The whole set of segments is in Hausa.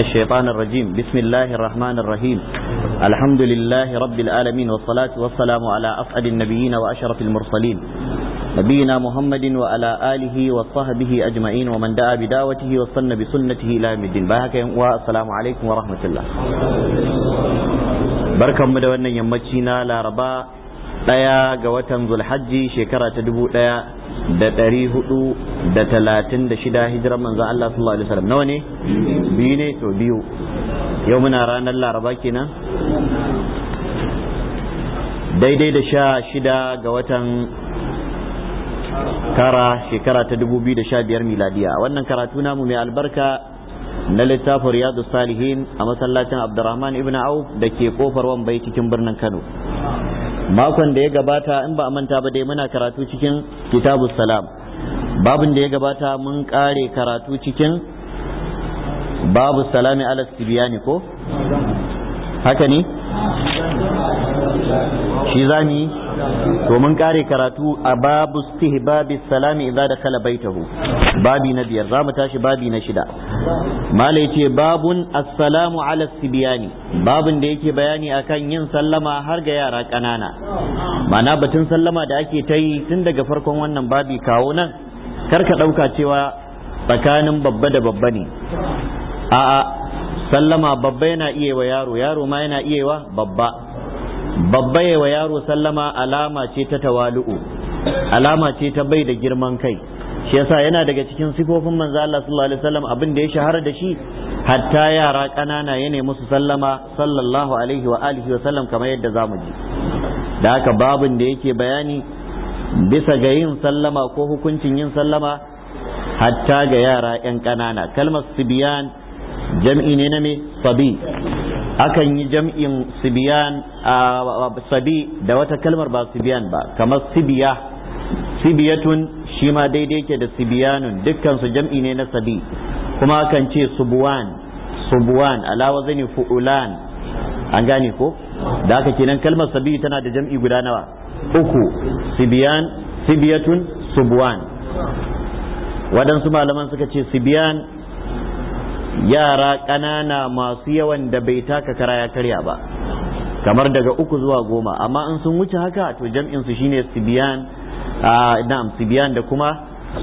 الشيطان الرجيم بسم الله الرحمن الرحيم الحمد لله رب العالمين والصلاة والسلام على أسعد النبيين وأشرف المرسلين نبينا محمد وعلى آله وصحبه أجمعين ومن دعا بدعوته وصن بسنته إلى يوم الدين باهك والسلام عليكم ورحمة الله بركة مدونة يمتشينا لا ربا ɗaya ga watan zulhajji shekara ta dubu ɗaya da ɗari hudu da talatin da shida hijirar manzo Allah sallallahu alaihi wasallam nawa ne biyu ne to biyu yau muna ranar laraba kenan daidai da sha shida ga watan tara shekara ta dubu biyu da sha biyar miladiya wannan karatu namu mai albarka na littafin riyadu salihin a masallacin abdurrahman ibn auf da ke kofar wambai cikin birnin kano makon da ya gabata in ba a manta ba dai muna karatu cikin kitabu salam babin da ya gabata mun kare karatu cikin babu salami ala tibiyani ko haka ne shi za mu to mun kare karatu a babu istihbabi salami idza bai baitahu babi na biyar za mu tashi babi na shida mala ce babun assalamu ala sibiyani babun da yake bayani a kan yin sallama har ga yara ƙanana mana batun sallama da ake ta yi tun daga farkon wannan babi kawo nan kar ka dauka cewa tsakanin babba da babba ne a'a sallama babba yana iya wa yaro yaro ma yana iya wa babba babba ya wa yaro sallama alama ce ta tawalu'u alama ce ta bai da girman kai shi yasa yana daga cikin sifofin manzo Allah sallallahu alaihi wasallam abin da ya shahara da shi hatta yara ƙanana ya nemi musu sallama sallallahu alaihi wa alihi wa sallam kamar yadda zamu ji da haka babin da yake bayani bisa ga yin sallama ko hukuncin yin sallama hatta ga yara 'yan ƙanana kalmar sibiyan jam'i ne na me sabi akan yi jam'in sibiyan sabi da wata kalmar ba sibiyan ba kamar sibiya sibiyatun shi ma daidai ke da sibiyanun dukkan su jam'i ne na sabi kuma akan ce subuwan subuwan alawa zane fu'ulan an gane ko da aka kenan kalmar sabi tana da jam'i guda nawa uku sibiyan sibiyatun subuwan waɗansu malaman suka ce sibiyan yara ƙanana masu yawan da bai taka kara ya karya ba kamar daga uku zuwa goma amma in sun wuce haka to jam'in su shine sibiyan na'am sibiyan da kuma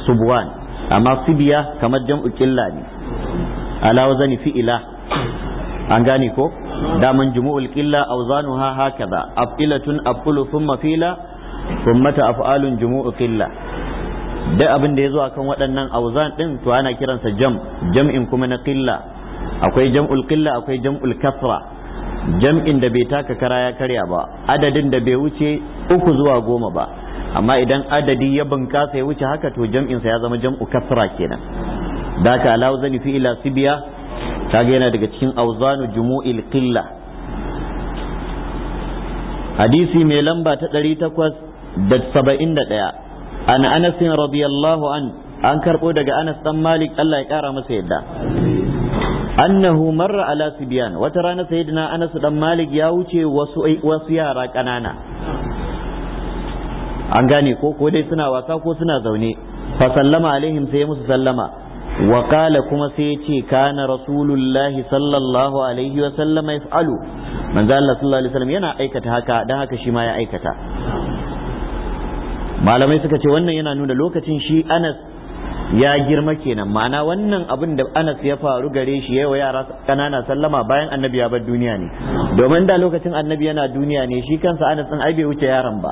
subwan amma sibiya kamar jam'u qilla ne ala wazani fi'ila an gane ko daman jumu'ul qilla awzanuha hakaza af'ilatun afulu thumma fila ثم تأفعال جموع قلة duk abin da ya zo akan waɗannan auzan ɗin to ana kiransa jam jam'in kuma na qilla akwai jam'ul qilla akwai jam'ul kasra jam'in da bai taka kara ya karya ba adadin da bai wuce uku zuwa goma ba amma idan adadi ya bunkasa ya wuce haka to jam'in sa ya zama jam'u kasra kenan da ka alauzani fi ila sibiya kaga yana daga cikin auzanu jumu'il qilla hadisi mai lamba ta ɗari takwas da saba'in da ɗaya an anas radiyallahu an an karbo daga anas dan malik Allah ya kara masa yadda annahu marra ala sibyan wata rana sayyidina anas dan malik ya wuce wasu wasu yara kanana an gane ko ko dai suna wasa ko suna zaune fa sallama alaihim sai musu sallama wa qala kuma sai ya ce kana rasulullahi sallallahu alaihi wa sallama yasalu manzo Allah sallallahu alaihi wa sallam yana aikata haka dan haka shi ma ya aikata malamai suka ce wannan yana nuna lokacin shi anas ya girma kenan ma'ana wannan abin da anas ya faru gare shi ya wa yara kanana sallama bayan annabi ya bar duniya ne domin da lokacin annabi yana duniya ne shi kansa anas din ai bai wuce yaron ba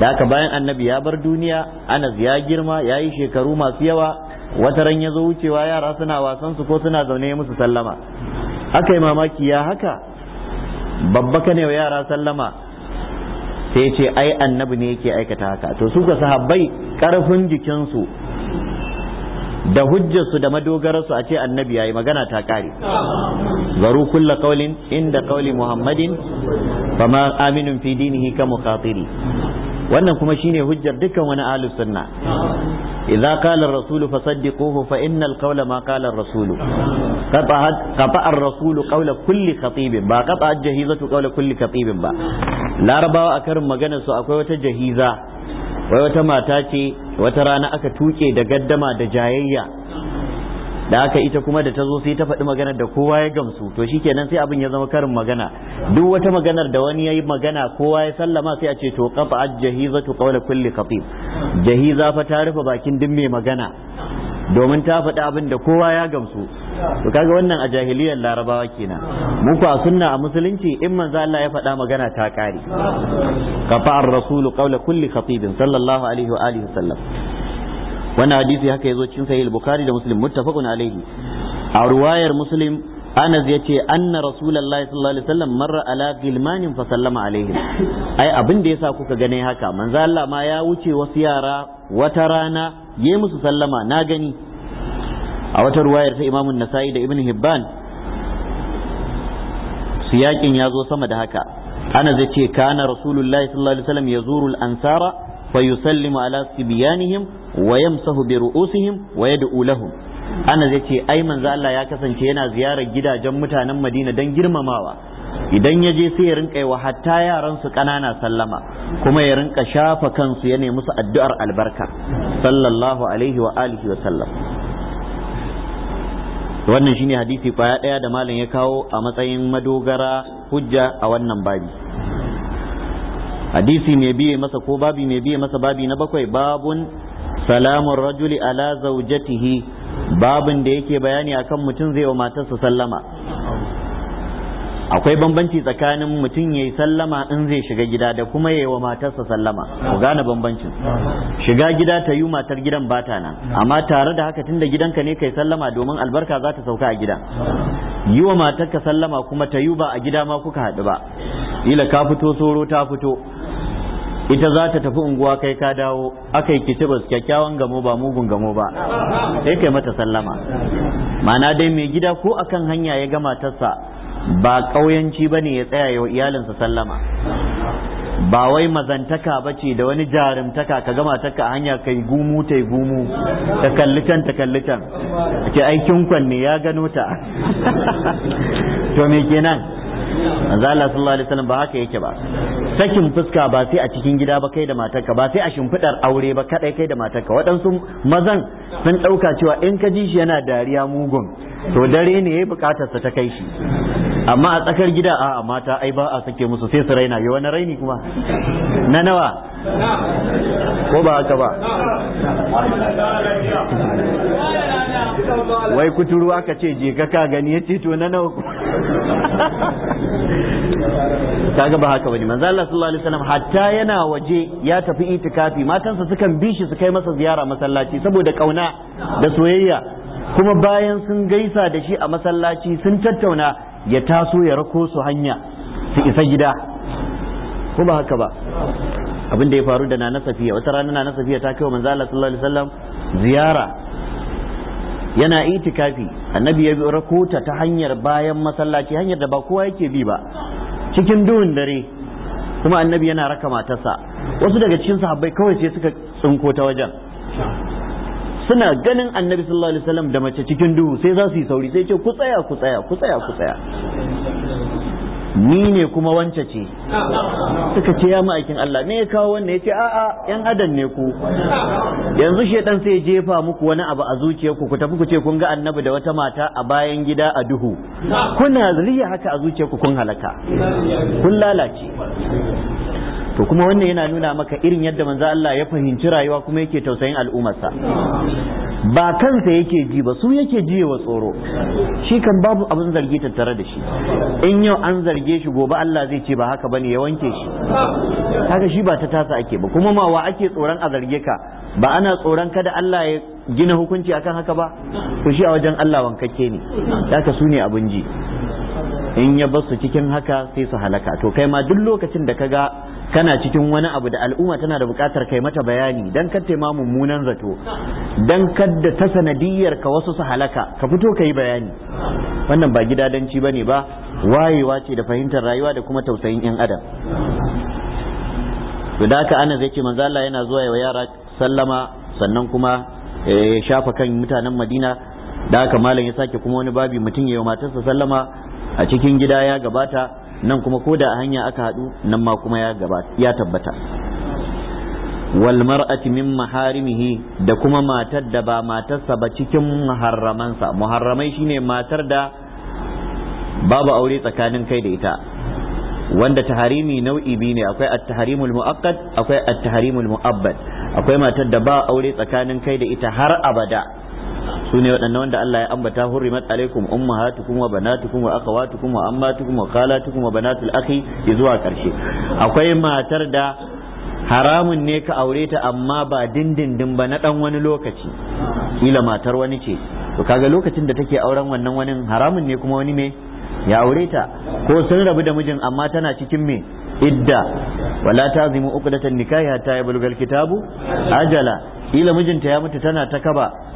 da haka bayan annabi ya bar duniya anas ya girma ya yi shekaru masu yawa wata ran ya zo wucewa yara suna wasan su ko suna zaune musu sallama aka yi mamaki ya haka babba ka ne wa yara sallama sai ce ai annabi ne yake aikata haka to su ga sahabbai karfin jikinsu da hujjarsu da madogararsu a ce annabi yayi magana ta kare zaru kulla qaulin inda qauli muhammadin fama aminun fi dinihi ka mukhatiri wannan kuma shine hujjar dukkan wani ahlus sunna idza qala ar-rasul fasaddiquhu fa innal qawla ma qala ar-rasul qata ar-rasul qawla kulli khatibin ba qata jahizatu qawla kulli khatibin ba larabawa a karin maganar su akwai wata jahiza wai wata mata ce wata rana aka tuke da gaddama da jayayya da aka ita kuma da ta zo sai ta faɗi maganar da kowa ya gamsu to shikenan sai abin ya zama karin magana duk wata maganar da wani ya yi magana kowa ya sallama sai a ce to qafa al jahizatu qawla kulli khatib jahiza fa ta rufe bakin duk mai magana domin ta faɗi abin da kowa ya gamsu to kaga wannan a jahiliyar larabawa kenan mu a sunna a musulunci in manzo Allah ya faɗa magana ta kare qafa ar rasulu qawla kulli khatib sallallahu alaihi wa alihi sallam wannan hadisi haka yazo cikin sahih al-bukhari da muslim muttafaqun alaihi a ruwayar muslim Anas yace ce anna rasulullahi sallallahu alaihi wasallam marra ala gilmanin fa sallama alaihim ai abin da yasa kuka gane haka manzo Allah ma ya wuce wasu yara wata rana ya musu sallama na gani a wata ruwayar ta Imam Nasa'i da Ibn Hibban siyakin ya zo sama da haka Anas ya ce kana rasulullahi sallallahu alaihi wasallam yazuru al-ansara fa yusallimu ala sibyanihim wa yamsahu bi ru'usihim wa yad'u lahum ana zai ce ai manzo Allah ya kasance yana ziyarar gidajen mutanen Madina don girmamawa idan ya je sai ya rinka yi wa hatta yaran su kanana sallama kuma ya rinka shafa kansu ya nemi su addu'ar albarka sallallahu alaihi wa alihi wa sallam wannan shine hadisi kwaya ɗaya da malam ya kawo a matsayin madogara hujja a wannan babi hadisi mai biye masa ko babi mai biye masa babi na bakwai babun salamun rajuli ala zaujatihi babin da yake bayani akan mutum zai wa matarsa sallama akwai bambanci tsakanin mutum ya yi sallama in zai shiga gida da kuma ya yi wa matarsa sallama ku gane bambancin shiga gida ta yi matar gidan bata nan amma tare da haka tunda gidanka ne kai sallama domin albarka za ta sauka a gida yi wa matarka sallama kuma ta yi ba a gida ma kuka haɗu ba ila ka fito soro ta fito ita za ta tafi unguwa kai ka dawo aka yi kitibas kyakkyawan gamo ba mugun gamo ba sai kai mata sallama ma'ana dai mai gida ko akan hanya ya gama tasa ba ƙauyanci ba ne ya tsaya yau iyalinsa sallama ba wai mazantaka ba ce da wani jarumtaka ka gama taka a hanya kai gumu tai gumu ta kallitan ta kallitan ake aikin kwanne ya gano ta to me kenan manzo Allah sallallahu alaihi wasallam ba haka yake ba sakin fuska ba sai a cikin gida ba kai da matarka ba sai a shimfidar aure ba kadai kai da matarka waɗansu mazan sun ɗauka cewa in ka ji shi yana dariya mugun to dare ne yayi bukatar sa ta kai shi amma a tsakar gida a mata ai ba a sake musu sai su raina yi wani raini kuma na nawa ko ba haka ba wai kuturu aka ce je ka ka gani ya ce to na nawa kaga ba haka bane manzo Allah sallallahu alaihi wasallam hatta yana waje ya tafi itikafi matansa sukan bi shi su kai masa ziyara masallaci saboda kauna da soyayya kuma bayan sun gaisa da shi a masallaci sun tattauna ya taso ya rako su hanya su isa gida ko ba haka ba abin da ya faru da nana safiya wata rana nana safiya ta kai wa manzo Allah sallallahu alaihi wasallam ziyara yana itikafi annabi ya rakota ta hanyar bayan masallaci hanyar da ba kowa yake bi ba cikin duhun dare kuma annabi yana raka matarsa wasu daga cikin sahabbai kawai sai suka tsinko ta wajen suna ganin annabi sallallahu alaihi wasallam da mace cikin duhu sai za su yi sauri sai ce ku tsaya ku tsaya ku tsaya ku tsaya ni ne kuma wance ce suka ce ya ma'aikin Allah ne ya kawo wannan ya ce a'a yan adam ne ku yanzu shedan sai jefa muku wani abu a zuciyarku ku tafi ku ce kun ga annabi da wata mata a bayan gida a duhu kuna zuriya haka a zuciyarku kun halaka kun lalace to kuma wannan yana nuna maka irin yadda manzo Allah ya fahimci rayuwa kuma yake tausayin al'ummarsa ba kansa yake ji ba su yake ji wa tsoro shi kan babu abin zargi tattare da shi in yau an zarge shi gobe Allah zai ce ba haka bane ya wanke shi kaga shi ba ta tasa ake ba kuma ma wa ake tsoron a zarge ka ba ana tsoron kada Allah ya gina hukunci akan haka ba to shi a wajen Allah wankake ne haka su ne abin ji in ya basu cikin haka sai su halaka to kai ma duk lokacin da kaga kana cikin wani abu da al'umma tana da buƙatar kai mata bayani dan kadda ma mummunan zato dan kadda ta sanadiyyar ka wasu su halaka ka fito ka yi bayani wannan ba gidadanci bane ba wayewa ce da fahimtar rayuwa da kuma tausayin yan adam to da ana zai ce manzo Allah yana zuwa wa yara sallama sannan kuma eh, ya shafa kan mutanen Madina da haka malam ya sake kuma wani babi mutum ya yi matarsa sallama a cikin gida ya gabata nan kuma ko da hanya aka haɗu nan ma kuma ya gabata ya tabbata wal mar'ati min maharimihi da kuma matar da ba matarsa ba cikin muharramansa muharramai shine matar da babu aure tsakanin kai da ita wanda taharimi nau'i biyu ne akwai at-taharimul muaqqad akwai at-taharimul mu'abbad akwai matar da ba aure tsakanin kai da ita har abada su ne waɗannan wanda Allah ya ambata hurrimat alaikum ummahatukum wa banatukum wa akhawatukum wa ammatukum wa khalatukum wa banatul akhi zuwa karshe akwai matar da haramun ne ka aure ta amma ba dindindin ba na dan wani lokaci kila matar wani ce to kaga lokacin da take auren wannan wani haramun ne kuma wani me ya aure ta ko sun rabu da mijin amma tana cikin me idda wala tazimu uqdatan nikahi hatta yablugha alkitabu ajala ila mijinta ya mutu tana ta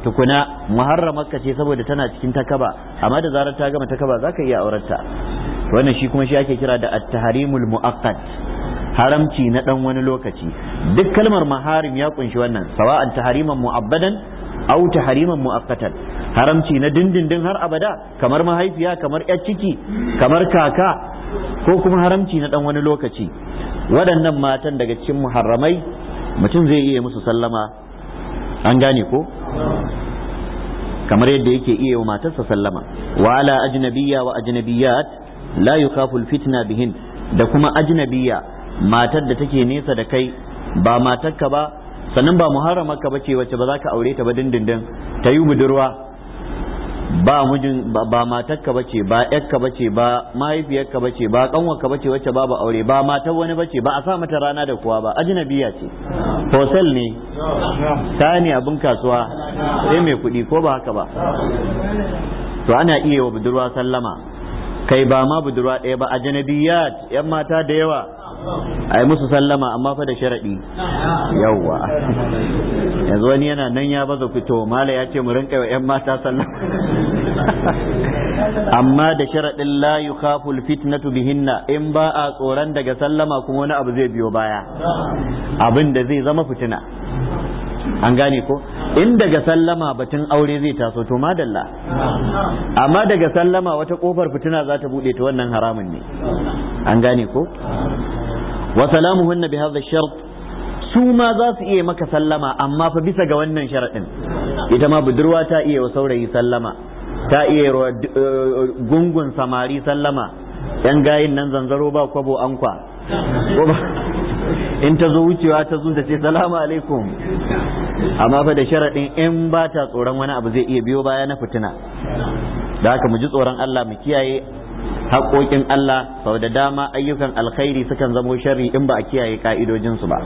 tukuna muharramarka ce saboda tana cikin takaba amma da zarar ta gama takaba kaba zaka iya aurarta wannan shi kuma shi ake kira da at-taharimul muaqqat haramci na dan wani lokaci duk kalmar maharim ya kunshi wannan sawa'an tahariman mu'abbadan au tahriman mu'akkatan haramci na dindindin har abada kamar mahaifiya kamar yar ciki kamar kaka ko kuma haramci na dan wani lokaci waɗannan matan daga cikin muharramai mutum zai iya musu sallama an gane ko kamar yadda yake iya wa matarsa sallama wa ala ajnabiyya wa ajnabiyat la yukafu alfitna bihin da kuma ajnabiyya matar da take nesa da kai ba matarka ba sannan ba muharramarka ba ce wacce ba za ka aure ta ba dindindin ta yi budurwa ba mijin ba matarka bace ba ka bace ba mahaifiyarka bace ba kanwarka bace wacce ba aure ba matar wani bace ba a sa mata rana da kuwa ba ajnabiya ce hotel ne ta ne abin kasuwa sai mai kuɗi ko ba haka ba to ana iya wa budurwa sallama kai ba ma budurwa ɗaya ba ajnabiya ƴan mata da yawa ai musu sallama amma fa da sharaɗi. yawwa yanzu wani yana nan ya baza fito mala ya ce mu rinka wa yan mata sallama amma da sharaɗin la yukhaful fitnatu bihinna in ba a tsoron daga sallama kuma wani abu zai biyo baya abin da zai zama fitina an gane ko in daga sallama batun aure zai taso to madalla amma daga sallama wata kofar fitina za ta bude ta wannan haramun ne an gane ko wa hunnabi bi hadha shart su ma za su iya maka sallama amma fa bisa ga wannan sharadin ita ma budurwa ta iya wa saurayi sallama ta iya eh, gungun samari sallama yan gayin nan zanzaro ba kwabo ankwa in ta zo wucewa ta zo ta ce salamu alaikum amma fa da sharaɗin in ba ta tsoron wani abu zai iya biyo baya na fitina da haka mu ji tsoron Allah mu kiyaye haƙoƙin Allah sau da dama ayyukan alkhairi sukan zamo sharri in ba a kiyaye ka'idojinsu ba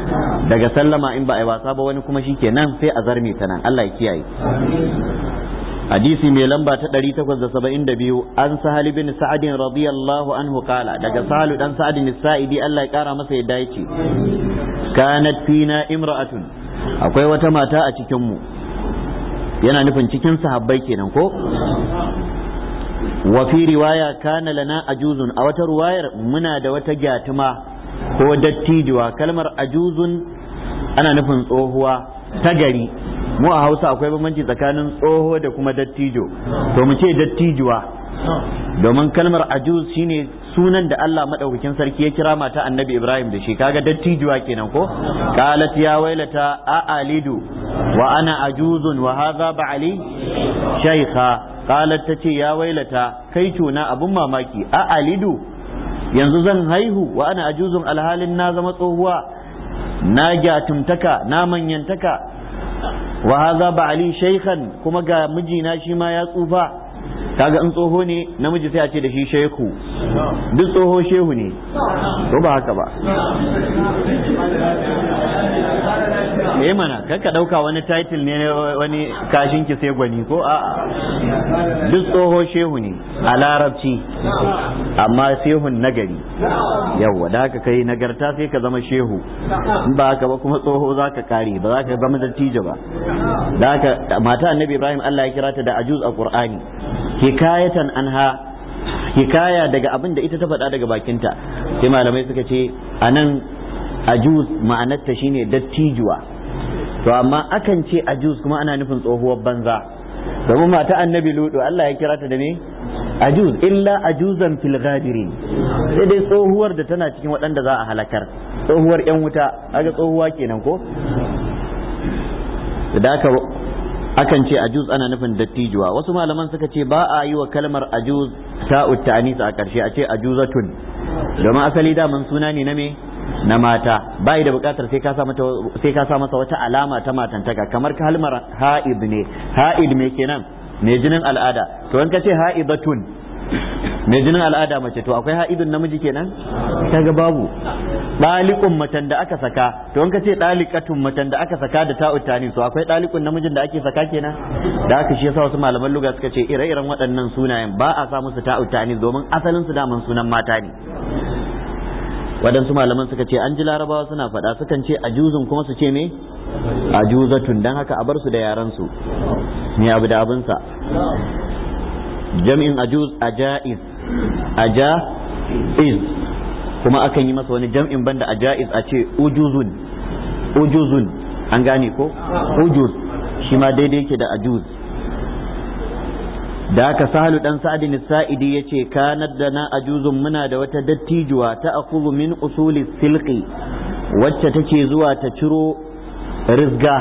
daga sallama in ba a yi wasa ba wani kuma shi nan sai a zarme ta nan Allah ya kiyaye hadisi mai lamba ta 872 an sahali bin sa'adin radiyallahu anhu kala daga sahalu dan sa'adin sa'idi Allah ya kara masa yadda yake kanat fina imra'atun akwai wata mata a cikin yana nufin cikin sahabbai kenan ko wa fi riwaya kana lana ajuzun a wata ruwayar muna da wata gyatuma ko dattijuwa kalmar ajuzun ana nufin tsohuwa ta gari mu a hausa akwai bambanci tsakanin tsoho da kuma dattijo to mu ce dattijuwa domin kalmar ajuz shine sunan da Allah madaukakin sarki ya kira mata annabi Ibrahim da shi kaga dattijuwa kenan ko qalat ya wailata a alidu wa ana ajuzun wa hadha Ali shaykha qalat tace ya wailata kai cuna abun mamaki a alidu yanzu zan haihu wa ana ajuzun alhalin na zama tsohuwa na gyatumtaka na manyantaka wa haza ba ali shaykhan kuma ga mijina shi ma ya tsufa kaga in tsoho ne namiji sai a ce da shi sheku. duk tsoho shehu ne to ba haka ba me mana ka dauka wani title ne wani kashin ki sai gwani ko a duk tsoho shehu ne a larabci amma shehun nagari yawa da haka kai nagarta sai ka zama shehu in ba haka ba kuma tsoho za ka kare ba za ka zama dattijo ba da haka mata annabi ibrahim allah ya kira ta da ajuz a qur'ani hikayatan anha hikaya daga abin da ita ta faɗa daga bakinta sai malamai suka ce a nan ajuz ma'anarta shine dattijuwa to amma akan ce ajuz kuma ana nufin tsohuwar banza domin mata annabi ludu Allah ya kira ta da me ajuz illa ajuzan fil ghadirin sai dai tsohuwar da tana cikin waɗanda za a halakar tsohuwar yan wuta aga tsohuwa kenan ko da haka akan ce ajuz ana nufin dattijuwa wasu malaman suka ce ba a yi wa kalmar ajuz ta utanisa a ƙarshe a ce ajuzatun domin asali da mun suna ne na me na mata ba yi da buƙatar sai ka sa masa wata alama ta matantaka kamar kalmar ha'ib ne ha'id me kenan mai jinin al'ada to in ka ce ha'ibatun mai jinin al'ada mace to akwai ha'idun namiji kenan kaga babu ɗalikun matan da aka saka to in ka ce ɗalikatun matan da aka saka da ta utani to akwai ɗalikun namijin da ake saka kenan da aka shi yasa wasu malaman luga suka ce ire-iren waɗannan sunayen ba a sa musu ta utani domin asalin su daman sunan mata ne waɗansu malaman suka ce an ji larabawa suna faɗa sukan ce a juzun kuma su ce me a juzatun don haka a bar su da yaran su ne abu da abinsa jami'in ajuz ajaiz a ja'iz kuma akan yi masa wani jam'in banda ajaiz a ce ujuzun ujuzun an gane ko ujuz shi ma daidai yake da ajuz da aka sahalu dan sa'adin sa'idi ce kanar da na ajuzun muna da wata dattijuwa ta akuzu min usuli silki wacce take zuwa ta ciro rizga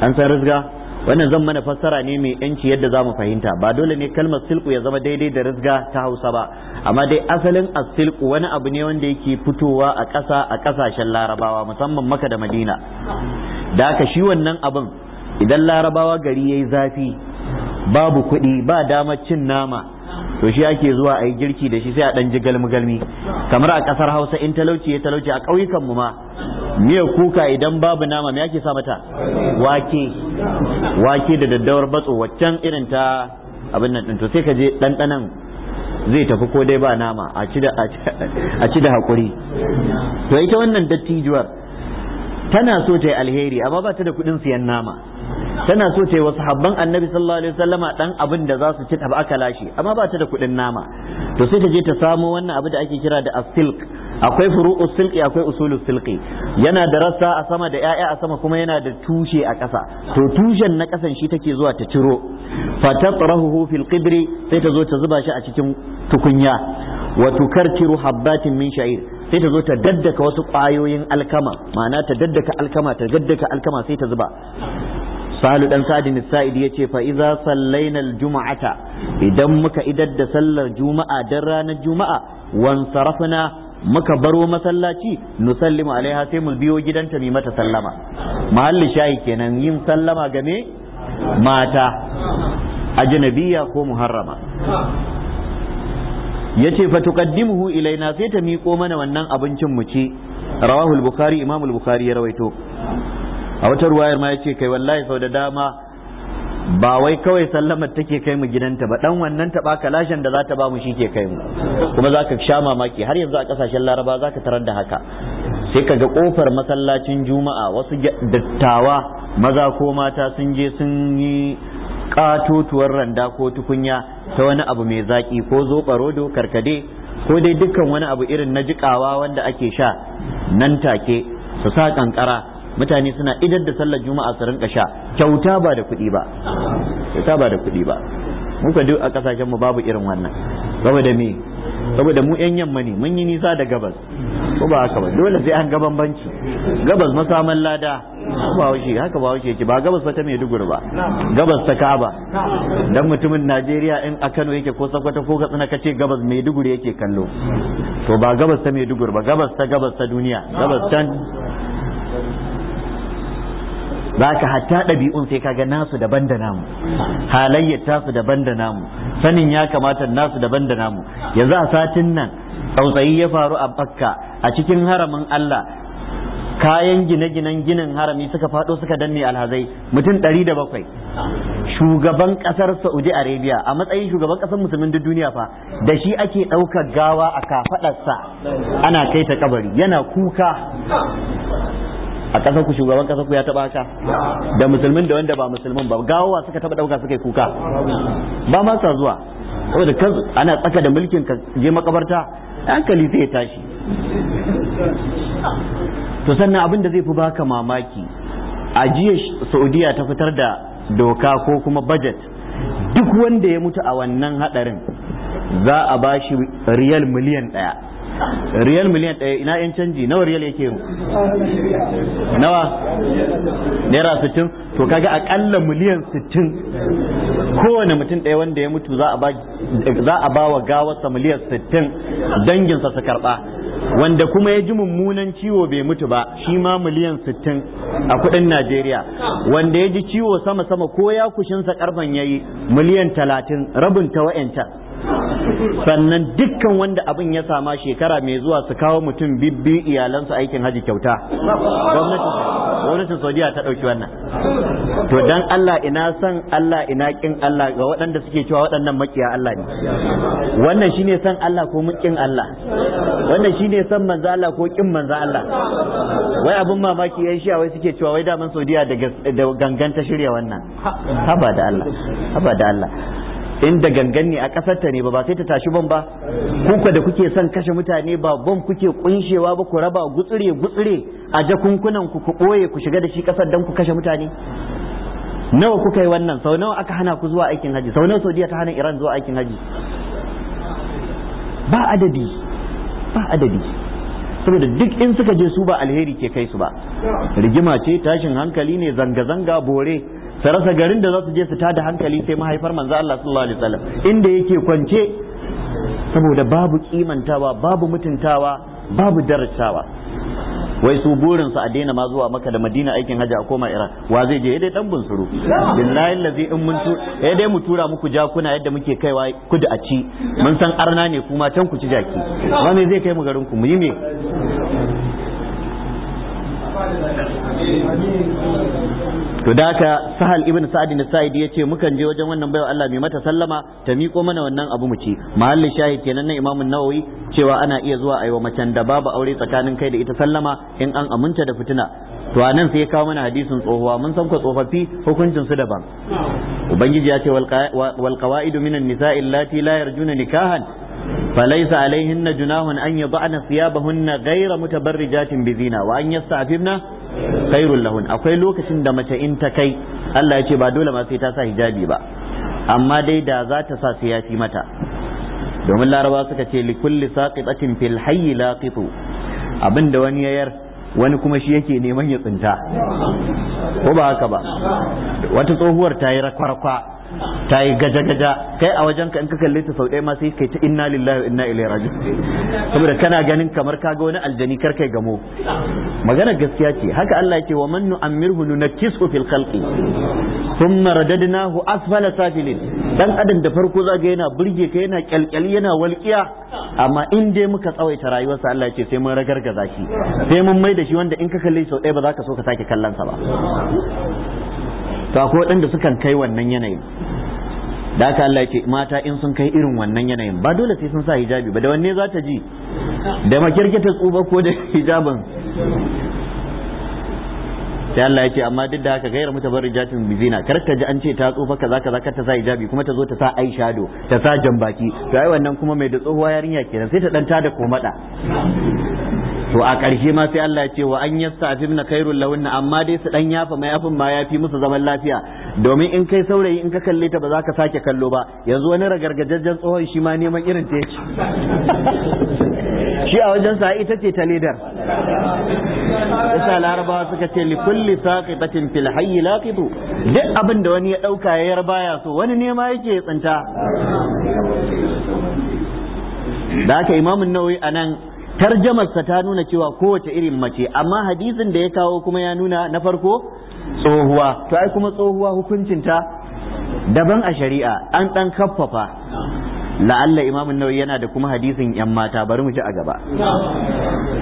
an san rizga wannan zan mana fassara ne mai yanci yadda za mu fahimta ba dole ne kalmar silku ya zama daidai da rizga ta hausa ba amma dai asalin asilku wani abu ne wanda yake fitowa a ƙasa a ƙasashen larabawa musamman maka da madina da haka shi wannan abin idan larabawa gari ya yi zafi babu kuɗi ba dama cin nama to shi ake zuwa a yi girki da shi sai a ɗan ji galmi-galmi kamar a ƙasar hausa in talauci ya talauci a ƙauyukan mu ma miyar kuka idan babu nama me ake sa mata wake wake da daddawar batso waccan irin ta abin nan to sai ka je ɗanɗanan zai tafi ko dai ba nama a ci da haƙuri to ita wannan dattijuwar tana so ta yi alheri amma ba ta da kuɗin siyan nama tana so ta yi wasu habban annabi sallallahu alaihi wasallama dan abin da za su ci aka lashe amma ba ta da kuɗin nama to sai ta je ta samo wannan abu da ake kira da asilk akwai furu'u silqi akwai usulu silqi yana da rassa a sama da 'ya'ya a sama kuma yana da tushe a ƙasa to tushen na ƙasan shi take zuwa ta ciro fatatrahuhu fil qidri sai ta zo ta zuba shi a cikin tukunya wa tukartiru habbatin min sha'ir sai ta zo ta daddaka wasu ƙwayoyin alkama ma'ana ta daddaka alkama ta daddaka alkama sai ta zuba salu dan sadin sa'id yace fa iza sallaina aljum'ata idan muka idar da sallar juma'a dan ranar juma'a wan sarafna muka baro masallaci sallimu alaiha sai mu biyo gidanta mai mata sallama mahalli shayi kenan yin sallama game mata ajnabiyya ko muharrama yace fa tuqaddimuhu ilaina sai ta miƙo mana wannan abincin mu ci rawahul bukhari imamul bukhari ya rawaito a wata ruwayar ma yace kai wallahi sau da dama ba wai kawai sallamar take kai mu gidanta ba dan wannan taba kalashin da za ta ba mu shi ke kai mu kuma za ka sha mamaki har yanzu a kasashen laraba za ka tarar da haka sai ka ga kofar masallacin juma'a wasu dattawa maza ko mata sun je sun yi katotuwar randa ko tukunya ta wani abu mai zaki ko zoɓa rodo karkade ko dai dukkan wani abu irin na jikawa wanda ake sha nan take su sa kankara mutane suna idar da sallar juma'a su rinka sha kyauta ba da kuɗi ba kyauta ba da kuɗi ba muka duk a kasashen mu babu irin wannan saboda me saboda mu yan yamma ne mun yi nisa da gabas ko ba haka ba dole sai an gaban banki gabas masaman lada ba haushi haka ba haushi yake ba gabas ta Maiduguri ba gabas ta kaba. dan mutumin Najeriya in a Kano yake ko Sokoto ko Katsina kace gabas Maiduguri yake kallo to ba gabas ta Maiduguri ba gabas ta gabas ta duniya gabas tan zaka hatta ɗabi'un sai kaga nasu daban da namu halayyar tasu daban da namu sanin ya kamata nasu daban da namu yanzu a satin nan tsautsayi ya faru a bakka a cikin haramin Allah kayan gine-ginen ginin harami suka fado suka danne alhazai mutum ɗari da bakwai shugaban ƙasar saudi arabia a matsayin shugaban ƙasar musulmin duk duniya fa da shi ake ɗaukar gawa a kafaɗarsa ana kai ta kabari yana kuka a ƙasar ku shugaban ƙasar ku ya taɓa haka da musulmin da wanda ba musulmin ba gawowa suka taɓa ɗauka suka yi kuka ba ma sa zuwa saboda kan ana tsaka da mulkin ka je makabarta hankali zai tashi to sannan abin da zai fi baka mamaki a jiya saudiya ta fitar da doka ko kuma budget duk wanda ya mutu a wannan hadarin za a bashi riyal miliyan ɗaya riyal miliyan ɗaya ina yan canji nawa riyal yake yau nawa naira sittin to kaga akalla miliyan sittin kowane mutum ɗaya wanda ya mutu za a ba wa gawarsa miliyan sittin danginsa su karɓa wanda kuma ya ji mummunan ciwo bai mutu ba shi ma miliyan sittin a kudin najeriya wanda ya ji ciwo sama-sama ko ya kushinsa karfan yayi miliyan talatin rabin ta wa'yancan sannan dukkan wanda abin ya sama shekara mai zuwa su kawo mutum bibbi iyalansu aikin haji kyauta gwamnatin saudiya ta ɗauki wannan to dan Allah ina son Allah ina kin Allah ga waɗanda suke cewa waɗannan makiya Allah ne wannan shine son Allah ko mukin Allah wannan shine son manza Allah ko kin manza Allah wai abin mamaki yan shi wai suke cewa wai daman saudiya da gangan ta shirya wannan haba da Allah haba da Allah inda gangan ne a ƙasar ta ne ba sai ta tashi ban ba kuka da kuke son kashe mutane ba ban kuke kunshewa ba ku raba gutsure gutsure a jakunkunan ku ku ɓoye ku shiga da shi ƙasar dan ku kashe mutane nawa kuka yi wannan sau nawa aka hana ku zuwa aikin haji sau nawa saudiya ta hana iran zuwa aikin haji ba adadi ba adadi saboda duk in suka je su ba alheri ke kai su ba rigima ce tashin hankali ne zanga-zanga bore su rasa garin da za su je su tada hankali sai mahaifar manzo Allah sallallahu alaihi wasallam inda yake kwance saboda babu kimantawa babu mutuntawa babu darasawa wai su burin su a daina ma zuwa maka da madina aikin hajji a koma iran wa zai je eh dai dan bunsuru billahi allazi in mun tu eh dai mu tura muku jakuna yadda muke kaiwa kudu a ci mun san arna ne kuma can ku ci jaki ba me zai kai mu garin ku mu yi me to da haka sahal ibn sa'ad ibn sa'id yace mukan je wajen wannan baiwa Allah mai mata sallama ta miƙo mana wannan abu mu ci mahallin shahid kenan na imamu nawawi cewa ana iya zuwa ayi wa macen da babu aure tsakanin kai da ita sallama in an aminta da fitina to anan sai ya kawo mana hadisin tsohuwa mun san ko tsofaffi hukuncin su daban ubangiji ya ce wal qawaidu minan nisa'i allati la yarjuna nikahan فليس عليهن جناح أن يضعن ثيابهن غير متبرجات بزينة وأن يستعففن khairul lahun akwai lokacin da mace in ta kai Allah ya ce ba dole ma sai ta sa hijabi ba amma dai da za ta sa sai ya fi mata domin laraba suka ce likulli saqiqatin fil hayy laqitu abinda wani yayar wani kuma shi yake neman ya tsinta ko ba haka ba wata tsohuwar ta yi rakwarkwa ta yi gaja-gaja kai a wajen ka in ka kalle ta sau ɗaya ma sai kai ta inna lillahi ina inna ilaihi raji'un saboda kana ganin kamar ka ga wani aljani kar kai gamo magana gaskiya ce haka Allah yake wa man nu'ammirhu nunakkisu fil khalqi thumma radadnahu asfala safilin dan adam da farko za yana burge ka yana kyalkyali yana walƙiya amma in dai muka tsawaita rayuwarsa Allah ce sai mun ragargaza shi sai mun mai da shi wanda in ka kalli sau ɗaya ba za ka so ka sake kallansa ba to akwai waɗanda sukan kai wannan yanayin da aka Allah ce mata in sun kai irin wannan yanayin ba dole sai sun sa hijabi ba da wanne za ta ji da makirkita tsuba ko da hijabin sai Allah ya ce amma duk da haka gairar mutabar rijatin jatin bizina kar ta ji an ce ta tsufa kaza kaza kar ta sa hijabi kuma ta zo ta sa ai shado ta sa jambaki to ai wannan kuma mai da tsohuwa yarinya kenan sai ta dan tada komada to a ƙarshe ma sai Allah ya ce wa an yasta na khairul lawunna amma dai su dan yafa mai afin ma yafi musu zaman lafiya domin in kai saurayi in ka kalle ta ba za ka sake kallo ba yanzu wani ragargajajjen tsohon shi ma neman irin ta yake shi a wajen sa ita ce ta ledar yasa larabawa suka ce li kulli saqibatin fil hayy laqitu duk abin da wani ya dauka ya yarba ya so wani nema yake ya tsinta da haka imamun nawawi anan tarjamarsa ta nuna cewa kowace irin mace amma hadisin da ya kawo kuma ya nuna na farko tsohuwa to ai kuma tsohuwa hukuncin ta daban a shari'a an ɗan kaffafa la'alla imamun nawawi yana da kuma hadisin yan mata bari mu ji a gaba